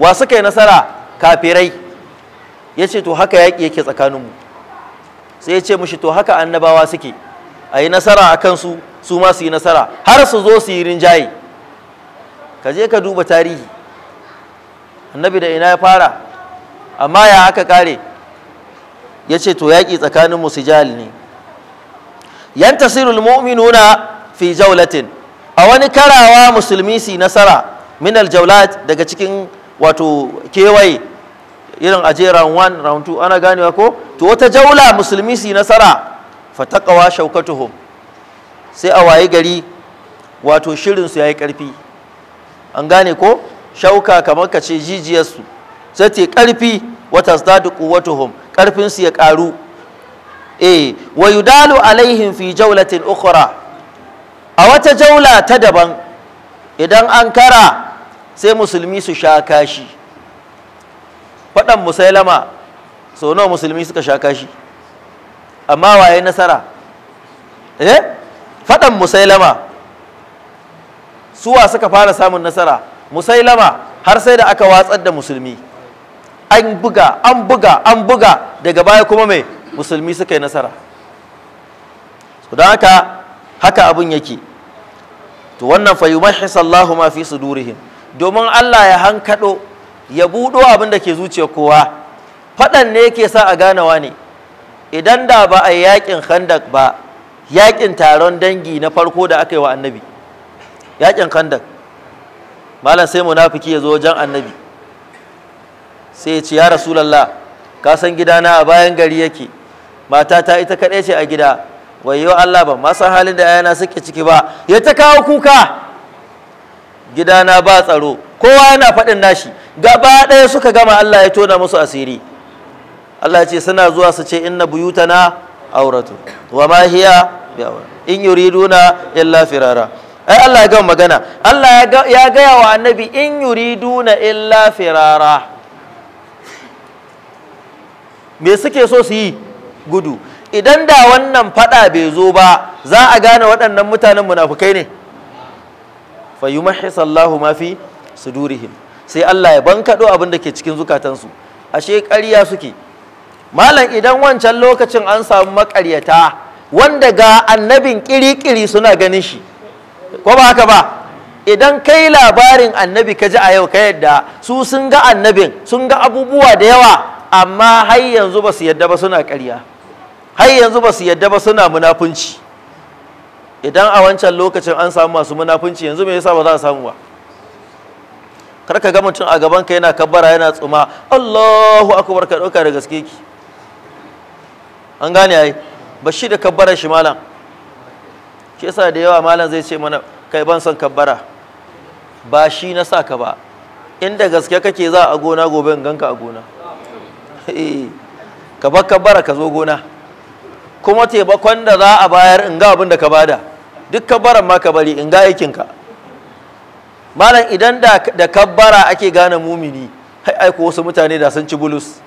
wa suka yi nasara kafirai ya ce to haka yaƙi yake tsakaninmu sai ya ce mushi to haka annabawa suke a yi nasara a kansu su ma su yi nasara har su zo su yi rinjaye ka je ka duba tarihi annabi da ina ya fara amma ya aka kare ya ce to yaƙi tsakanin musijal ne yan tasirul mu'minuna fi jaulatin a wani karawa musulmi su nasara minal jaulat daga cikin wato kewaye irin aje round 1 round 2 ana ganewa ko to wata jaula musulmi su yi nasara fataqawa shaukatuhum sai a waye gari wato shirin su yayi karfi an gane ko shauka kamar ka ce jijiyar su sai ta karfi wata zdadu quwwatuhum karfin su ya karu eh wa yudalu alaihim fi jaulatin ukhra a wata jaula ta daban idan an kara sai musulmi su sha kashi faɗan musailama so nawa musulmi suka sha kashi amma waye nasara eh faɗan musailama suwa suka fara samun nasara musailama har sai da aka watsar da musulmi an buga an buga an buga daga baya kuma mai musulmi suka yi nasara so don haka haka abin yake to wannan fa yumahhisallahu ma fi sudurihim domin Allah ya hankaɗo. ya buɗo abin da ke zuciya kowa faɗan ne yake sa a ganawa ne idan da ba a yaƙin khandak ba yaƙin taron dangi na farko da aka yi wa annabi Yaƙin khandak malam sai munafiki ya zo wajen annabi sai ya ce ya rasulallah ka san gidana a bayan gari yake matata ita kaɗai ce a gida wayo Allah ba ma san halin da ayana suke ciki ba ya ta kawo kuka gidana ba tsaro kowa yana faɗin nashi gaba ɗaya suka gama Allah ya tona musu asiri Allah ce suna zuwa su ce inna buyutana auratu wa ma hiya in yuriduna illa firara ai Allah ya gama magana Allah ya gaya wa annabi in yuriduna illa firara me suke so su yi gudu idan da wannan fada bai zo ba za a gane waɗannan mutanen munafukai ne fa Allahu ma fi sudurihim sai Allah ya bankado abin da ke cikin zukatansu ashe ƙarya suke malam idan wancan lokacin an samu maƙaryata wanda ga annabin kirikiri suna ganin shi ko ba haka ba idan kai labarin annabi ka ji a yau ka yadda su sun ga annabin sun ga abubuwa da yawa amma har yanzu ba su yadda ba suna ƙarya har yanzu ba su yadda ba suna munafunci idan a wancan lokacin an samu masu munafunci yanzu me yasa ba za a samu ba kar ka ga mutum a gaban ka yana kabbara yana tsuma Allahu akbar ka dauka da gaske ki an gane ai bashi da kabbara shi malam shi yasa da yawa malam zai ce mana kai ban son kabbara ba shi na sa ka ba inda gaske kake za a gona gobe in ganka a gona eh, ka bar kabbara ka zo gona kuma taimakon da za a bayar in ga abin da ka bada duk kabbaran ma ka bari in ga aikinka malam idan da da kabbara ake gane mumini hai aiko wasu mutane da sun ci bulus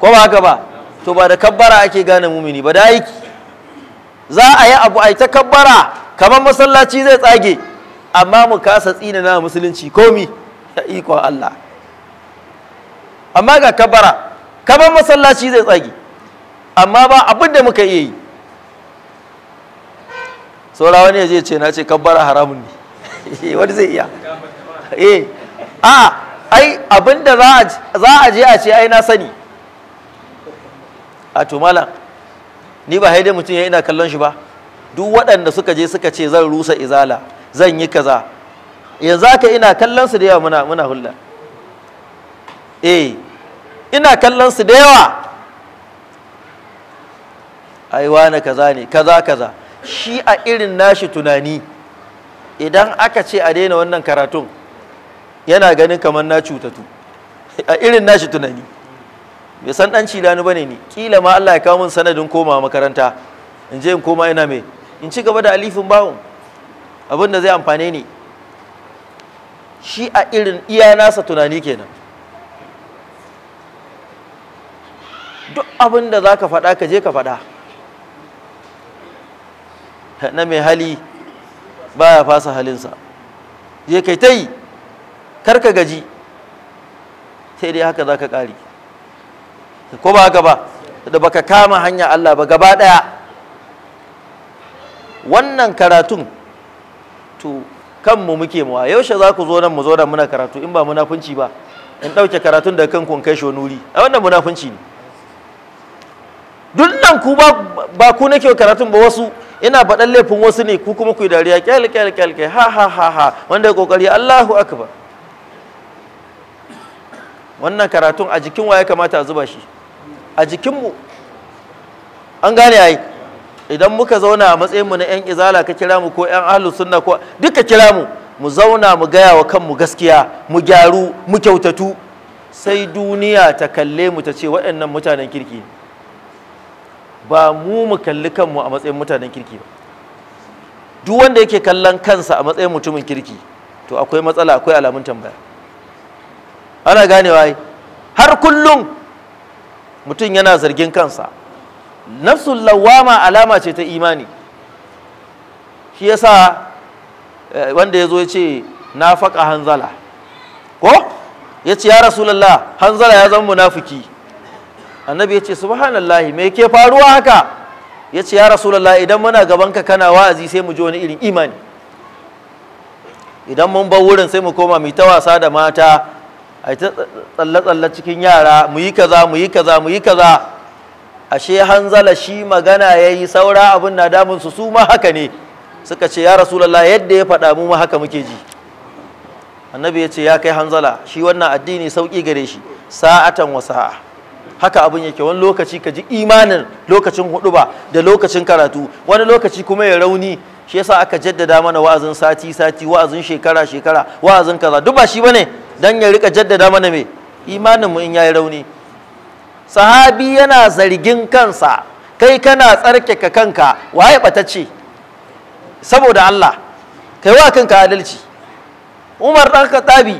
ko ba haka ba to ba da kabbara ake gane mumini ba da aiki za a yi abu a ta kabbara kamar masallaci zai tsage amma mu kasa tsina na musulunci komi da ikon Allah amma ga kabbara kamar masallaci zai tsage amma ba abin da muka iya yi saura wani ya ce na ce kabbara haramun ne eh, wani zai iya eh, a ai abin da za a je a ce ai na sani a tumala ni ba haidai mutum ya ina kallon shi ba duk waɗanda suka je suka ce zan rusa izala zan yi kaza yanzu haka ina kallon su da yawa muna muna hulla eh ina kallon su da yawa ai wane kaza ne kaza kaza shi a irin nashi tunani idan aka ce a daina wannan karatun yana ganin kamar na cutatu a irin nashi tunani bai san dan cilani bane ne kila ma Allah ya kawo mun sanadin koma makaranta in je in koma ina me in ci gaba da alifin bawun abin da zai amfane ni shi a irin iya nasa tunani kenan duk abin da za ka faɗa ka je ka faɗa na mai hali ba ya fasa halinsa je kai ta yi kar ka gaji sai dai haka za ka ƙari ko ba haka ba da baka kama hanya Allah ba gaba ɗaya wannan karatun to kanmu muke mawa yaushe za ku zo nan mu zo nan muna karatu in ba munafunci ba in ɗauke karatun da kan in kai shi nuri a wannan munafunci ne duk nan ku ba ku nake karatun ba wasu ina faɗan laifin wasu ne ku kuma ku yi dariya kyale kyale kyale ha ha ha ha wanda ya ƙoƙari Allahu akbar wannan karatun a jikin waye kamata a zuba shi a jikinmu an gane yi idan muka zauna a matsayinmu na 'yan izala ka kira mu ko 'yan ahalus sunna ko duka kira mu mu zauna mu gaya wa kanmu gaskiya mu gyaru mu kyautatu sai duniya ta kalle mu ta ce waɗannan mutanen kirki ne ba mu mu kalli kanmu a matsayin mutanen kirki ba duk wanda yake kallon kansa a matsayin mutumin kirki to akwai matsala akwai alamun tambaya ana ganewa ai har kullum mutum yana zargin kansa nafsul lawama alama ce ta imani shi yasa eh, wanda ya zo ya ce na faƙa hanzala ko ya ce ya rasulallah hanzala ya zama munafiki annabi ya ce subhanallahi me ke faruwa haka ya ce ya rasulallah idan muna gabanka kana wa'azi sai mu ji wani irin imani idan mun bar wurin sai mu koma mu ta wasa da mata a ta tsalle-tsalle cikin yara mu yi kaza mu yi kaza mu yi kaza ashe hanzala shi magana ya yi saura abin na damun su ma haka ne suka ce ya rasulallah yadda ya faɗa mu ma haka muke ji annabi ya ce ya kai hanzala shi wannan addini sauƙi gare shi sa'atan wa sa'a haka abin yake wani lokaci ka ji imanin lokacin ba da lokacin karatu wani lokaci kuma ya rauni shi yasa aka jaddada mana wa'azin sati sati wa'azin shekara shekara wa'azin kaza duk ba shi bane dan ya rika jaddada mana me imanin mu in yayi rauni sahabi yana zargin kansa kai kana tsarke ka kanka waye batacce saboda Allah kai wa kanka adalci Umar dan Khattabi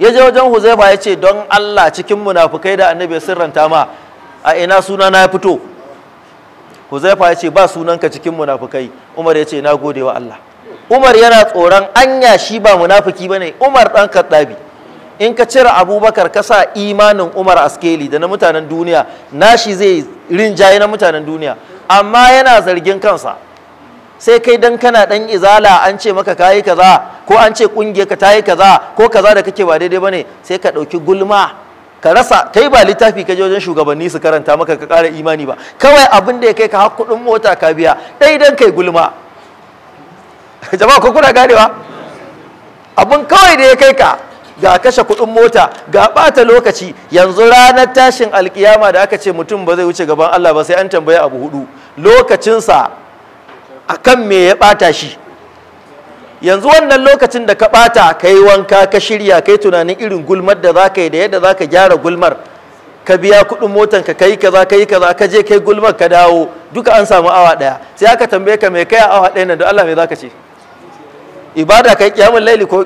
ya je wajen huzaifa ya ce don allah cikin munafukai da annabi ya sirranta ma a ina suna na ya fito huzaifa ya ce ba sunanka cikin munafukai umar ya ce na gode wa allah umar yana tsoron anya shi ba munafuki bane umar dan kaddabi in ka cire abubakar ka sa imanin umar askeli da na mutanen duniya nashi zai rinjaye na mutanen duniya amma yana zargin kansa sai kai dan kana dan izala an ce maka kayi kaza ko an ce kungiyar ka tayi kaza ko kaza da kake ba daidai bane sai ka dauki gulma ka rasa kai ba littafi ka je wajen shugabanni su karanta maka ka kara imani ba kawai abin da ya kai ka har kudin mota ka biya dai dan kai gulma jama'a ko kuna ganewa abin kawai da ya kai ka ga kashe kudin mota ga bata lokaci yanzu ranar tashin alkiyama da aka ce mutum ba zai wuce gaban Allah ba sai an tambaya abu hudu lokacinsa akan me ya ɓata shi yanzu wannan lokacin da ka ɓata ka yi wanka ka shirya ka yi tunanin irin gulmar da za ka yi da yadda za ka gyara gulmar ka biya kuɗin motan ka kai kaza kai kaza ka je kai gulmar ka dawo duka an samu awa ɗaya sai aka tambaye ka me kai a awa ɗaya nan da Allah me za ka ce ibada kai kiyamun laili ko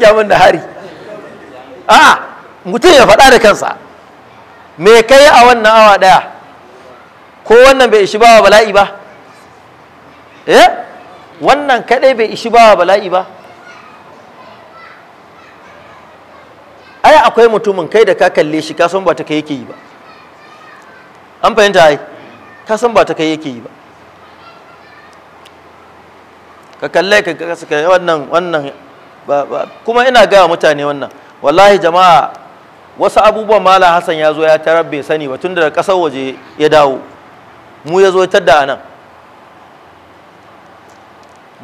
da nahari a mutum ya faɗa da kansa me kai a wannan awa ɗaya ko wannan bai ishi ba wa bala'i ba eh wannan kadai bai ishi ba bala'i ba ai akwai mutumin kai da ka kalle shi ka san ba ta kai yake yi ba an fahimta ai ka san ba ta kai yake yi ba ka kalle ka kasa wannan wannan kuma ina gaya mutane wannan wallahi jama'a wasu abubuwan malam hassan ya zo ya tarar bai sani ba tun da kasar waje ya dawo mu ya zo tadda da nan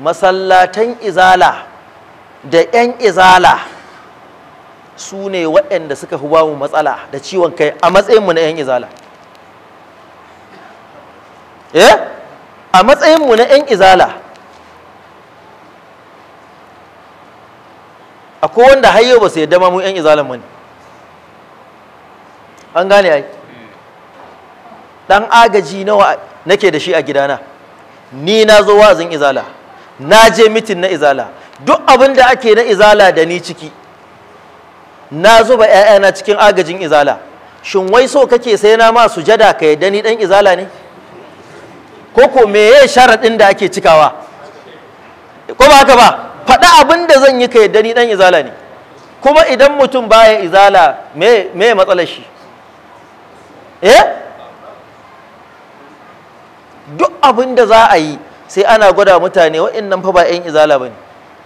masallatan izala da 'yan izala su ne waɗanda suka fi bamu matsala da ciwon kai a matsayinmu na 'yan izala eh a matsayinmu na 'yan izala akwai wanda hayo ba su yadda mamu mu 'yan izalan mu ne an gane ai dan agaji nawa nake da shi a gidana ni na zo zan izala na je mitin na izala duk abin da ake na izala da ni ciki na zuba 'ya'yana cikin agajin izala shin wai so kake sai na ma sujada ka yadda ni dan izala ne ko ko ya sharaɗin da ake cikawa ko ba haka ba faɗi abin da zan yi ka yadda ni dan izala ne kuma idan mutum baya izala me matsalar shi eh duk abin da za a yi sai ana gwada mutane wa'annan fa ba 'yan izala ba ne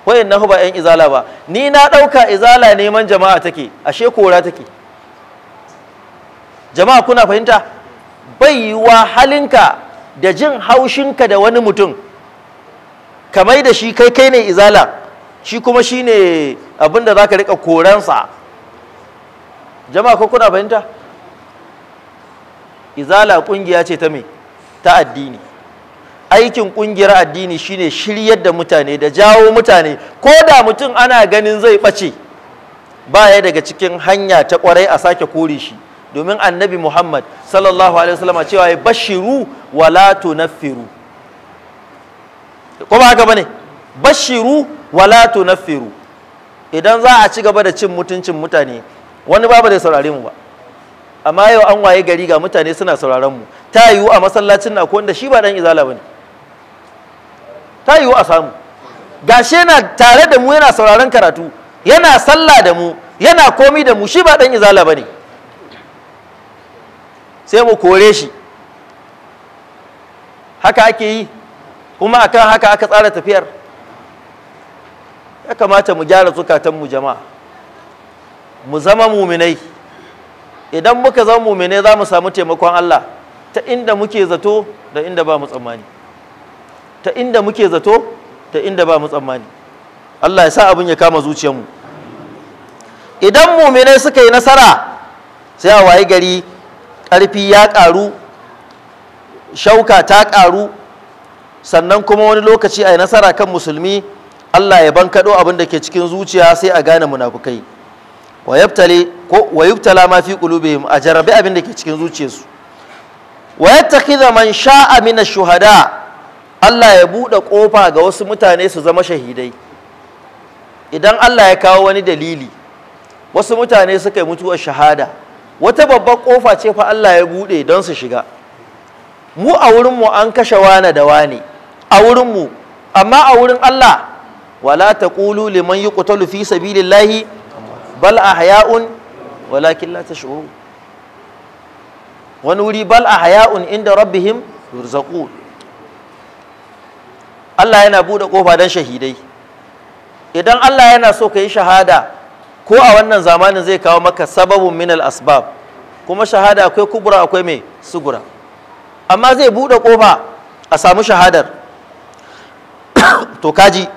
wa'annan fa ba 'yan izala ba ni na ɗauka izala neman jama'a take ashe kora take jama'a kuna fahimta bai yiwuwa halinka da jin haushinka da wani mutum kamai da shi kai kai ne izala shi kuma shi ne abin za ka riƙa koransa jama'a ko kuna fahimta izala ƙungiya ce ta me ta addini aikin kungiyar addini shine shiryar da mutane da jawo mutane ko da mutum ana ganin zai ɓace ya daga cikin hanya ta kwarai a sake kore shi domin annabi muhammad sallallahu alaihi wasallam cewa ya bashiru wala tunaffiru ko ba haka bane bashiru wala tunaffiru idan za a ci gaba da cin mutuncin mutane wani babu da saurare mu ba amma yau an waye gari ga mutane suna sauraron mu ta yiwu a masallacin na ko wanda shi ba dan izala bane ta yiwu a samu gashe yana tare da mu yana sauraron karatu yana sallah da mu yana komi da mu shi ba dan izala bane sai mu kore shi haka ake yi kuma akan haka aka tsara tafiyar ya kamata mu gyara zukatan mu jama'a mu zama muminai idan muka zama muminai za mu samu taimakon Allah ta inda muke zato da inda ba mu tsammani ta inda muke zato ta inda ba mu tsammani Allah ya sa abin ya kama mu. idan muminai suka yi nasara sai a wayi gari ƙarfi ya ƙaru shauka ta ƙaru sannan kuma wani lokaci a yi nasara kan musulmi Allah ya bankaɗo abin da ke cikin zuciya sai a gane munafukai wa yubtala ma fi qulubihim a jarabi abin da ke cikin zuciyarsu wa yattakhidha man sha'a min ash-shuhada Allah ya buɗe ƙofa ga wasu mutane su zama shahidai idan Allah ya kawo wani dalili wasu mutane suka yi mutuwar shahada wata babbar ƙofa ce fa Allah ya buɗe don su shiga mu a wurinmu an kashe wane da wane a wurinmu amma a wurin Allah wala taqulu liman yuqtalu fi sabilillahi bal ahya'un walakin la tash'urun wani wuri bal ahya'un inda rabbihim yurzaqun Allah yana buɗe ƙofa don shahidai idan Allah yana so ka yi shahada ko a wannan zamanin zai kawo maka sababin minal asbab kuma shahada akwai kubura akwai mai sugura amma zai buɗe ƙofa a samu shahadar to kaji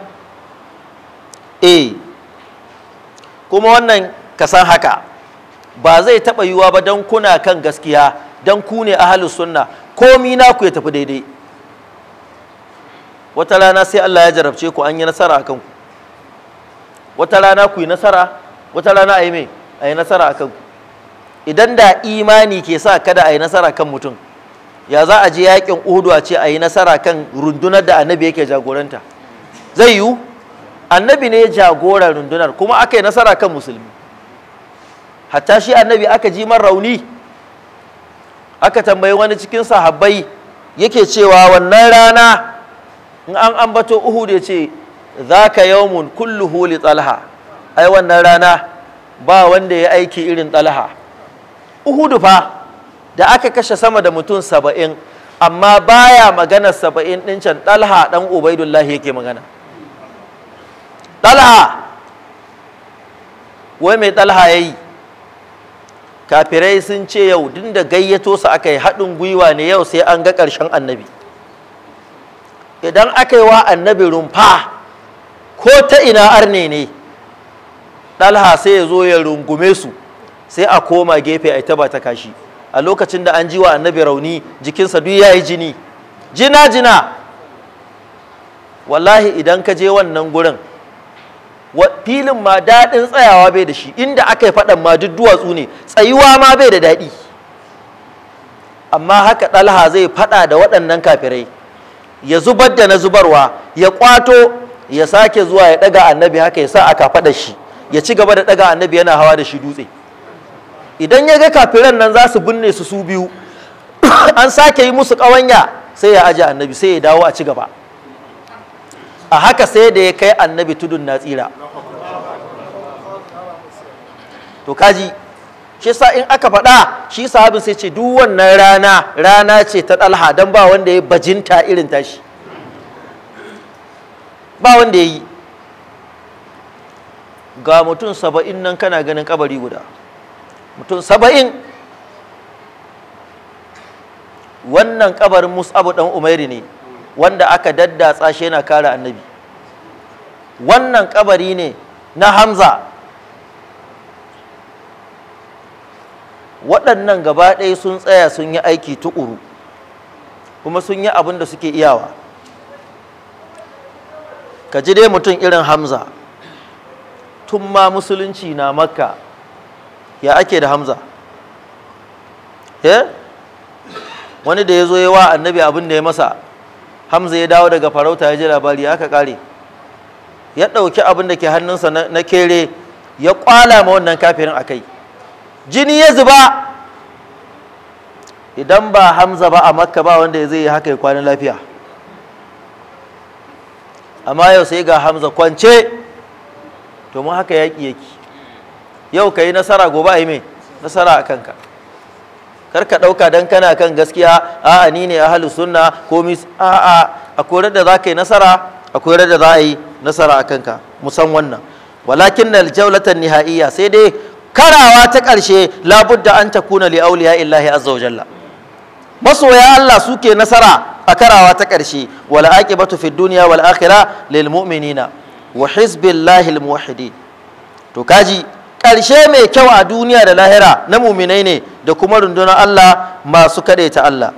eh kuma wannan ka san haka ba zai taɓa yiwuwa ba don kuna kan gaskiya don ku ne ahalus sunna komi na ku ya tafi daidai wata rana sai Allah ya jarabce ku an yi nasara a kanku wata rana ku yi nasara wata rana a yi mai a yi nasara a kanku idan da imani ke sa kada a yi nasara kan mutum ya za a je yakin uhudu a ce a yi nasara kan rundunar da annabi yake jagoranta zai yiwu annabi ne jagora rundunar kuma aka yi nasara kan musulmi hatta shi annabi aka ji man rauni aka tambayi wani cikin sahabbai yake cewa wannan rana in an ambato uhu ya ce za zaka yawmun kullu huli talha ai wannan rana ba wanda ya aiki irin talha uhudu fa da aka kashe sama da mutum saba'in amma baya magana saba'in ɗin can ɗalha ɗan ubaidullahi yake magana ɗalha wai mai ɗalha ya yi kafirai sun ce yau dinda gayyato su aka yi haɗin gwiwa ne yau sai an ga ƙarshen annabi idan aka yi wa annabi rumfa ko ta ina arne ne ɗalha sai ya zo ya rungume su sai a koma gefe a ita ba ta kashi a lokacin da an ji wa annabi rauni jikinsa duk ya yi jini jina jina wallahi idan ka je wannan gurin filin ma daɗin tsayawa bai da shi inda aka yi faɗan ma duk duwatsu ne tsayuwa ma bai da daɗi amma haka ɗalha zai faɗa da waɗannan kafirai ya zubar da na zubarwa ya kwato ya sake zuwa ya daga annabi haka ya sa aka faɗa shi ya ci gaba da daga annabi yana hawa da shi dutse idan ya ga kafiran nan za su binne su su biyu an sake yi musu ƙawanya sai ya aje annabi sai ya dawo a ci gaba a haka sai da ya kai annabi tudun na tsira to kaji shi sa in aka faɗa shi sahabin sai ce duk wannan rana rana ce ta ɗalha don ba wanda ya bajinta irin tashi ba wanda ya yi ga mutum saba'in nan kana ganin kabari guda mutum saba'in wannan kabarin mus'abu dan umairu ne wanda aka daddatsa shi yana kare annabi wannan kabari ne na hamza waɗannan gaba ɗaya sun tsaya sun yi aiki tuƙuru kuma sun yi abin da suke iyawa ka ji dai mutum irin hamza tun ma musulunci na makka ya ake da hamza eh? wani da ya zo yawa annabi abin da ya masa hamza ya dawo daga farauta ya ji labari aka kare ya ɗauki abin da ke hannunsa na kere ya kwala ma wannan kafirin a kai jini ya zuba idan ba hamza ba a makka ba wanda zai yi haka ya lafiya amma yau sai ga hamza kwance to mu haka yaƙi yake yau ka yi nasara gobe a yi mai nasara a kanka kar ka ɗauka don kana kan gaskiya a'a ni ne ahalu sunna ko mis a'a akwai da za ka yi nasara akwai da za a yi nasara a kanka musan wannan walakin na aljaulatan nihaiya sai dai karawa ta ƙarshe labudda an ta kuna li auliya illahi azza wa jalla masoya Allah suke nasara a karawa ta ƙarshe wal aqibatu fid dunya wal akhirah lil mu'minina wa hizbillahi al muwahhidin to kaji ƙarshe mai kyau a duniya da lahira na muminai ne da kuma rundunar Allah masu ta Allah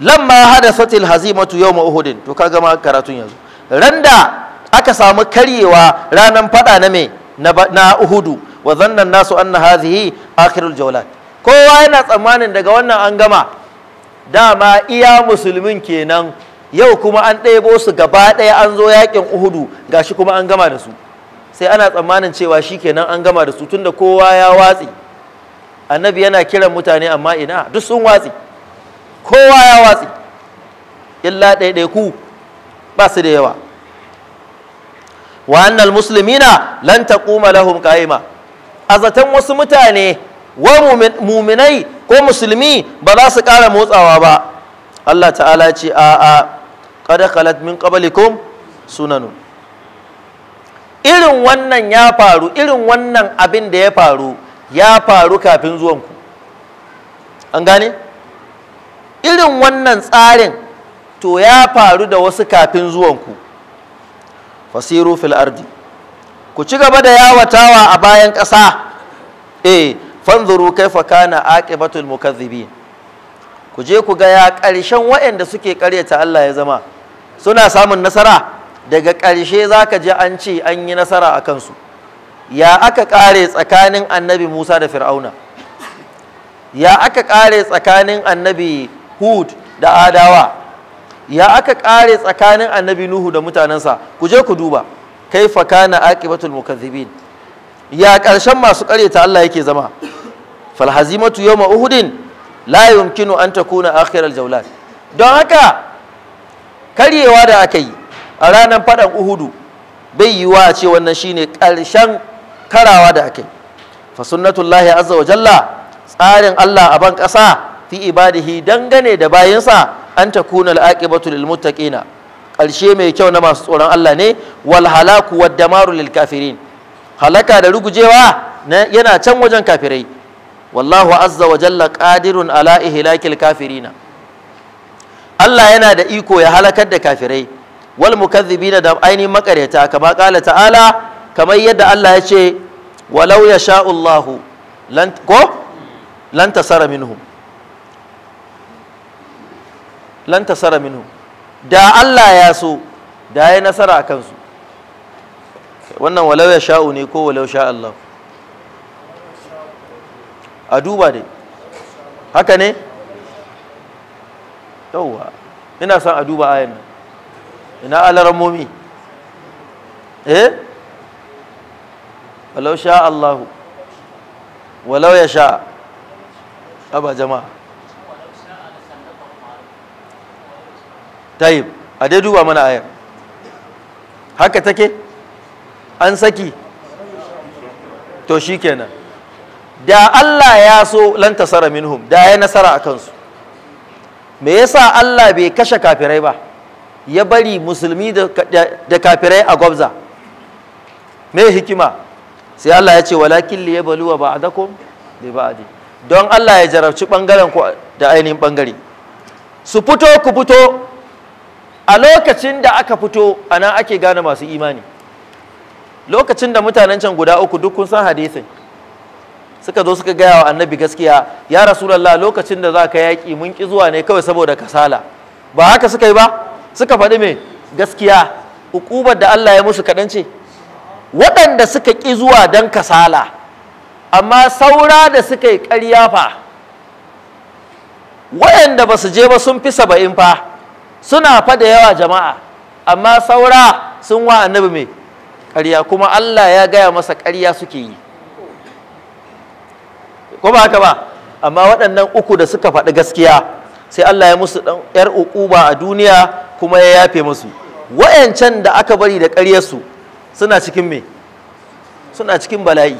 lamma hadathatil hazimatu yau uhudin to kaga ma karatun yanzu randa aka samu karyewa ranan fada na me na uhudu wa dhanna nasu anna hadhihi akhirul jawlat kowa yana tsammanin daga wannan an gama dama iya musulmin kenan yau kuma an ɗebo su gaba ɗaya an zo yakin uhudu Ga shi kuma an gama da su sai ana tsammanin cewa shi kenan an gama da su tunda kowa ya watsi annabi yana kiran mutane amma ina duk sun watsi kowa ya watsi illa ku ba su da yawa wa annal muslimina lan taquma lahum qaima a zaton wasu mutane wa muminai ko musulmi ba za su ƙara motsawa ba Allah ta'ala ce a a kada khalat min qablikum sunanu irin wannan ya faru irin wannan abin da ya faru ya faru kafin zuwanku an gane irin wannan tsarin to ya faru da wasu kafin zuwanku fasiru fil ardi ku ci gaba da yawatawa a bayan ƙasa eh fanzuru kaifa kana aqibatul mukazzibin ku je ku ga ya ƙarshen waɗanda suke ƙaryata Allah ya zama suna samun nasara daga ƙarshe zaka ji an ce an yi nasara a kansu ya aka ƙare tsakanin annabi Musa da Fir'auna ya aka ƙare tsakanin annabi Hud da Adawa ya aka ƙare tsakanin annabi Nuhu da mutanensa ku je ku duba kaifa kana aqibatul mukaththibin ya ƙarshen masu ƙaryata Allah yake zama fal hazimatu yawma uhudin la yumkinu an takuna akhiral jawlan don haka karyewa da aka yi a ranar faɗan uhudu bai yiwuwa a ce wannan shine ƙarshen karawa da aka yi fa sunnatullahi azza wa jalla tsarin Allah a ban ƙasa fi ibadihi dangane da bayinsa an takuna al-aqibatu lil muttaqina ƙarshe mai kyau na masu tsoron Allah ne wal halaku wad damaru lil kafirin halaka da rugujewa yana can wajen kafirai wallahu azza wa jalla qadirun ala ihlakil kafirina Allah yana da iko ya halakar da kafirai wal mukazzibina da ainihin makareta kama kala ta'ala kamar yadda Allah ya ce walau ya Allahu lan ko lan tasara minhum lan tasara minhum da Allah ya so da ya nasara a kansu wannan walau ya sha'u ne ko walau sha Allah a duba dai haka ne yauwa ina son a duba ayan nan ina alaramomi eh walau sha Allah walau ya sha aba jama'a tayyib a dai duba mana ayar haka take an saki to shi kenan. da Allah ya so lan tasara minhum da ya nasara a kansu me yasa Allah bai kashe kafirai ba ya bari musulmi da kafirai a gwabza me hikima sai Allah ya ce walakin li yabluwa ba'dakum bi ba'di don Allah ya jarabci bangaren ku da ainihin bangare su fito ku fito a lokacin da aka fito ana ake gane masu imani lokacin da mutanen can guda uku duk kun san hadisin suka zo suka gaya wa annabi gaskiya ya rasulallah lokacin da za ka yaƙi mun ƙi zuwa ne kawai saboda kasala ba haka suka yi ba suka faɗi me gaskiya hukubar da Allah ya musu kaɗan ce waɗanda suka ƙi zuwa don kasala amma saura da suka yi ƙarya fa waɗanda ba su je ba sun fi saba'in fa suna fa yawa jama'a amma saura sun wa annabi mai ƙarya kuma Allah ya gaya masa ƙarya suke yi ko ba haka ba amma waɗannan uku da suka faɗi gaskiya sai Allah ya musu yar uquba a duniya kuma ya yafe musu wayancan da aka bari da ƙaryarsu suna cikin me suna cikin bala'i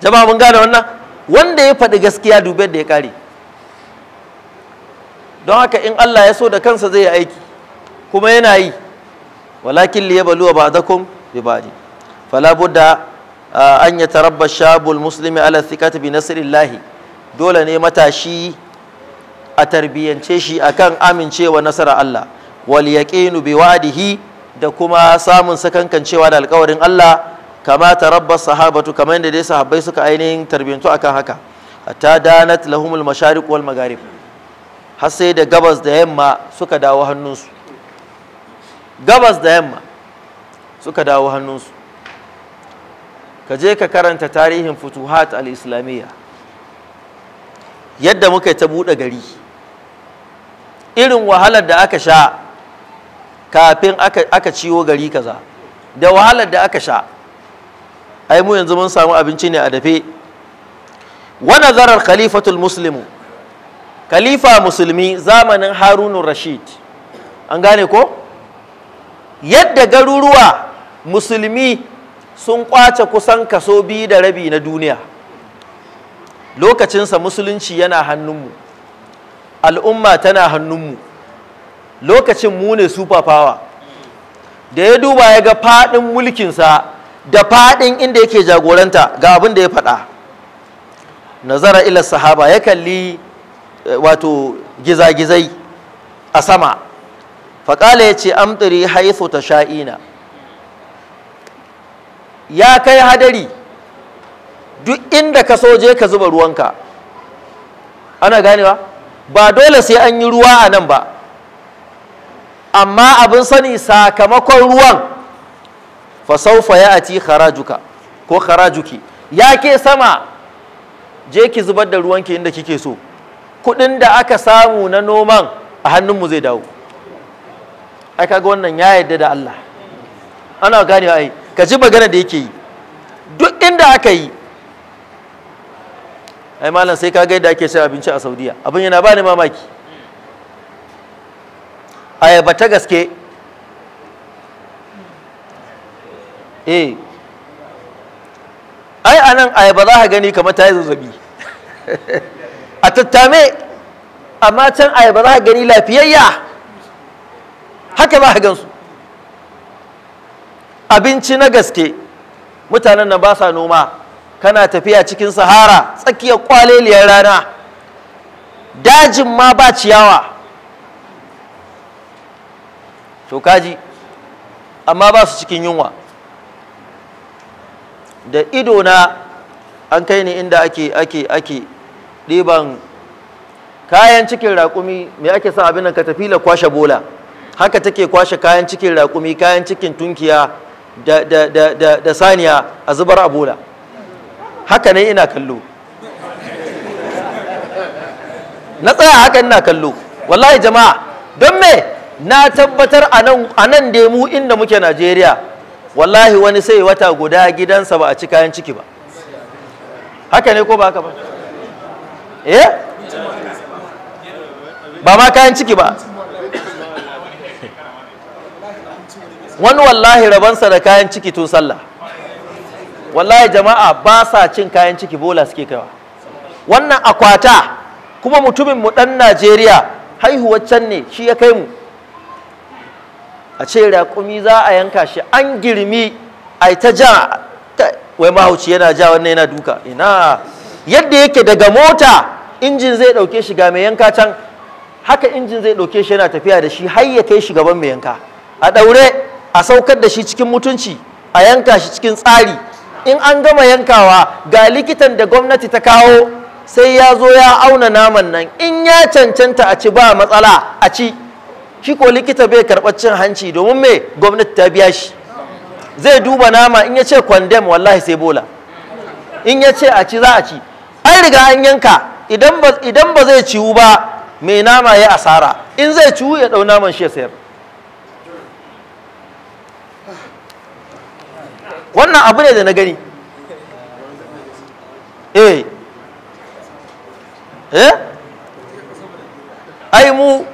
jama'a mun gane wannan wanda ya faɗi gaskiya dubiyar da ya ƙare don haka in Allah ya so da kansa zai yi aiki kuma yana yi walakin liya baluwa ba da kun bi ba an ya tarabba shabul musulmi ala thikati bi nasirillahi dole ne matashi a tarbiyyance shi akan amincewa nasara Allah wal yaqinu bi wa'dihi da kuma samun sakankancewa da alkawarin Allah kama tarabba sahabatu kamar yadda dai sahabbai suka ainihin tarbiyyantu akan haka hatta danat lahumul mashariq wal magharib har sai da gabas da yamma suka dawo hannunsu gabas da yamma suka dawo hannunsu ka je ka karanta tarihin futuhat al-islamiyya yadda muka ta buɗe gari irin wahalar da aka sha kafin aka ciwo gari kaza da wahalar da aka sha ai mu yanzu mun samu abinci ne a dafe wa nazarar khalifatul muslimu khalifa musulmi zamanin harunun rashid an gane ko yadda garuruwa musulmi sun kwace kusan kaso biyu da rabi na duniya lokacinsa musulunci yana hannunmu al'umma tana hannunmu lokacin mu ne super power da ya duba ya ga faɗin mulkinsa da faɗin inda yake jagoranta ga abin da ya faɗa nazara ila sahaba ya kalli wato gizagizai a sama faƙala ya ce amtiri haifo ta sha'ina ya kai hadari duk inda ka soje ka zuba ruwanka ana ganewa ba dole sai an yi ruwa a nan ba amma abin sani sakamakon ruwan fasaufa ya ci harajuka ko harajuki ya ke sama je ki zubar da ruwanki inda kike so kuɗin da aka samu na noman a hannunmu zai dawo ai kaga wannan ya yarda da Allah ana gane ai ka ji magana da yake yi duk inda aka yi ai malam sai kaga yadda ake cin abinci a Saudiya abin yana bani mamaki ayaba ta gaske eh ai anan ayaba za ka gani kamar ta yi zazzabi a tattame amma can ayaba za ka gani lafiyayya haka za ka gansu abinci na gaske mutanen nan ba sa noma kana tafiya cikin sahara tsakiyar kwaleliyar rana dajin ma ba ciyawa to kaji amma ba su cikin yunwa da ido na an kai ni inda ake ake ake ɗiban kayan cikin raƙumi me ake sa abin nan ka tafi da kwashe bola haka take kwashe kayan cikin raƙumi kayan cikin tunkiya da, saniya a zubar a bola haka ne ina kallo na tsaya haka ina kallo wallahi jama'a don me na tabbatar a nan demu inda muke najeriya wallahi wani sai wata guda gidansa ba a ci kayan ciki ba haka ne ko ba haka ba eh ba ma kayan ciki ba wani wallahi rabansa da kayan ciki tun sallah wallahi jama'a ba sa cin kayan ciki bola suke kaiwa wannan akwata kuma mutumin mu dan najeriya haihuwar can ne shi ya kai mu a ce raƙumi za a yanka shi an girmi a ta ja wai mahauci yana ja wannan yana duka ina yadda yake daga mota injin zai ɗauke shi ga mai yanka can haka injin zai ɗauke shi yana tafiya da shi har ya kai shi gaban mai yanka a ɗaure a saukar da shi cikin mutunci a yanka shi cikin tsari in an gama yankawa ga likitan da gwamnati ta kawo sai ya zo ya auna naman nan in ya cancanta a ci ba matsala a ci shi ko likita bai karɓar cin hanci domin me gwamnati ta biya shi zai duba nama in ya ce kwandem wallahi sai bola in ya ce a ci za a ci an riga an yanka idan ba zai ciwu ba mai nama ya asara in zai ciwu ya dauna naman shi ya sayar wannan abu ne da na gani eh eh ai mu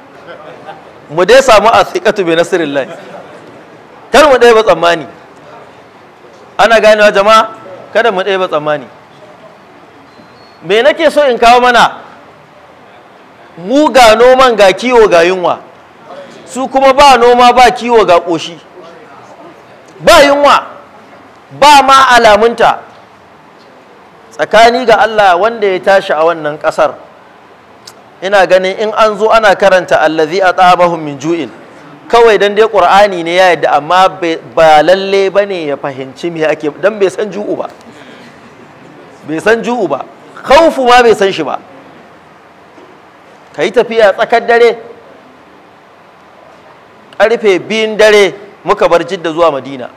mu dai samu a tsikatu bai nasirin kar mu ɗaya ba tsammani ana ganewa jama'a kada mu ɗaya ba tsammani me nake so in kawo mana mu ga noman ga kiwo ga yunwa su kuma ba noma ba kiwo ga ƙoshi ba yunwa ba ma alamunta tsakani ga Allah wanda ya tashi a wannan ƙasar ina ganin in an zo ana karanta allazi a tsabahun min ju'il kawai don dai ƙur'ani ne ya yadda amma ba lalle ba ne ya fahimci me ake don bai san ju'u ba bai san ju'u ba khaufu ma bai san shi ba ka yi tafiya tsakar dare ƙarfe biyun dare muka bar jidda zuwa madina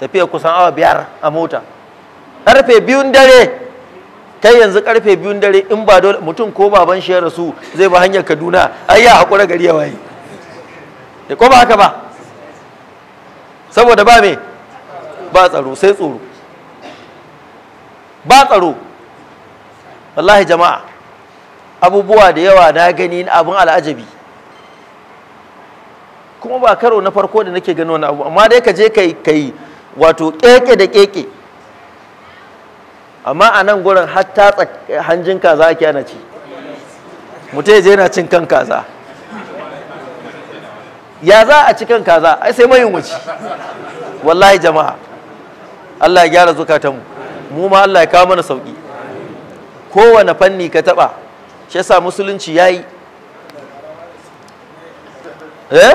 tafiya kusan awa biyar a mota Karfe biyun dare kai yanzu karfe biyun dare in ba dole mutum ko baban shi ya rasu zai ba hanyar kaduna ai ya haƙura gari ya waye da eh, ko ba haka ba saboda ba me ba tsaro sai tsoro ba tsaro wallahi jama'a abubuwa da yawa na gani abin al'ajabi kuma ba karo na farko da nake gano wani abu amma dai ka je ka yi wato keke da keke amma a nan gurin hatta hanjin kaza ake ana ci mutum je yana cin kan kaza ya za a ci kan kaza ai sai mai wuce wallahi jama'a Allah ya gyara zukatanmu mu ma Allah ya kawo mana sauki kowane fanni ka taɓa shi yasa musulunci ya yi eh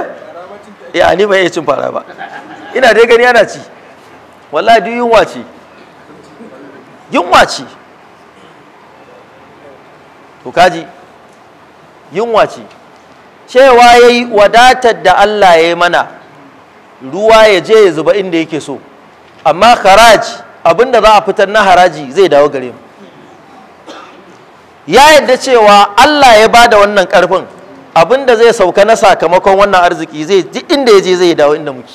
ya eh, ni bai iya cin fara ba ina dai gani ana ci wallahi duk yunwa ce yunwa ce to kaji yunwa ce cewa ya yi wadatar da Allah ya yi mana ruwa ya je ya zuba inda yake so amma haraji abinda za a fitar na haraji zai dawo gare mu ya yadda cewa Allah ya ba da wannan ƙarfin, abinda zai sauka na sakamakon wannan arziki zai ji inda ya je zai dawo inda muke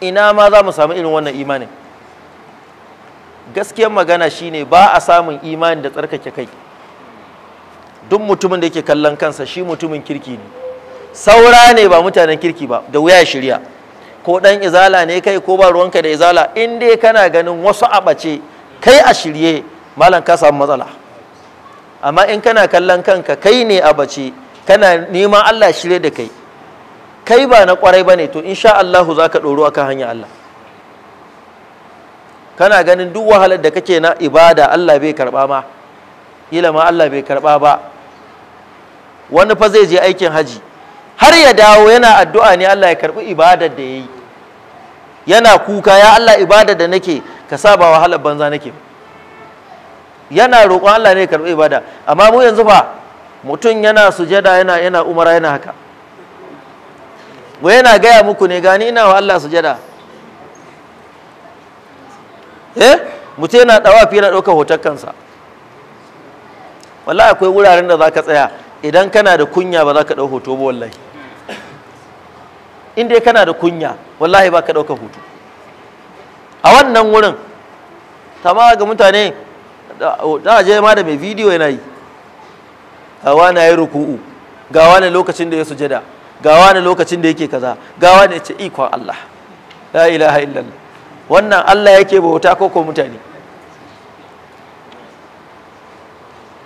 ina ma za mu samu irin wannan imanin gaskiyar magana shine ba a samun imani da tsarkake kai duk mutumin da yake kallon kansa shi mutumin kirki ne saura ne ba mutanen kirki ba da wuya shirya ko dan izala ne kai ko ba ruwanka da izala in dai kana ganin wasu a bace kai a shirye malam ka samu matsala amma in kana kallon kanka kai ne a bace kana neman Allah shirya da kai kai ba na kwarai ne to insha Allah za ka ɗoro akan hanya Allah kana ganin duk wahalar da kake na ibada Allah bai karɓa ma ila ma Allah bai karɓa ba wani fa zai je aikin haji har ya dawo yana addu'a ne Allah ya karɓi ibadar da ya yi yana kuka ya Allah ibadar da nake ka saba wahalar banza nake ba yana roƙon Allah ne karɓi ibada amma mu yanzu fa mutum yana sujada yana yana umara yana haka wai yana gaya muku ne gani ina wa Allah sujada eh mutum yana dawa fiye na ɗaukar hotar kansa wallahi akwai wuraren da zaka tsaya idan kana da kunya ba za ka ɗauka hoto ba wallahi in dai kana da kunya wallahi ba ka ɗauka hoto a wannan wurin tama ga mutane da je ma da mai bidiyo yana yi gawa na yi ruku'u gawa ne lokacin da ya sujada gawa ne lokacin da yake kaza gawa ne ce ikon Allah la ilaha illallah wannan Allah yake bauta ko ko mutane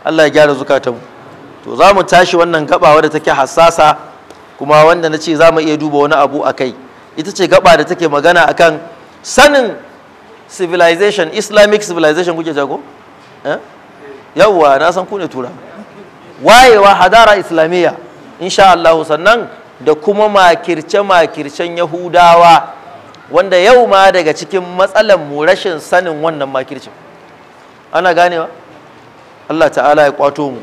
Allah ya gyara zukatanmu to za mu tashi wannan gaba wadda take hassasa kuma wanda na ce za mu iya duba wani abu a kai ita ce gaba da take magana akan sanin civilization islamic civilization kuke jago? Eh? yawwa na san ku ne tura wayewa hadara islamiyya insha Allah sannan da kuma makirce makircen yahudawa wanda yau ma daga cikin matsalan mu rashin sanin wannan makircin ana ganewa Allah ta'ala ya kwato mu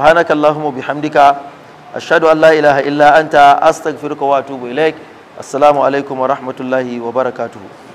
allahumma bihamdika ashhadu an la ilaha illa anta astaghfiruka wa atubu ilaik assalamu alaikum wa rahmatullahi wa barakatuh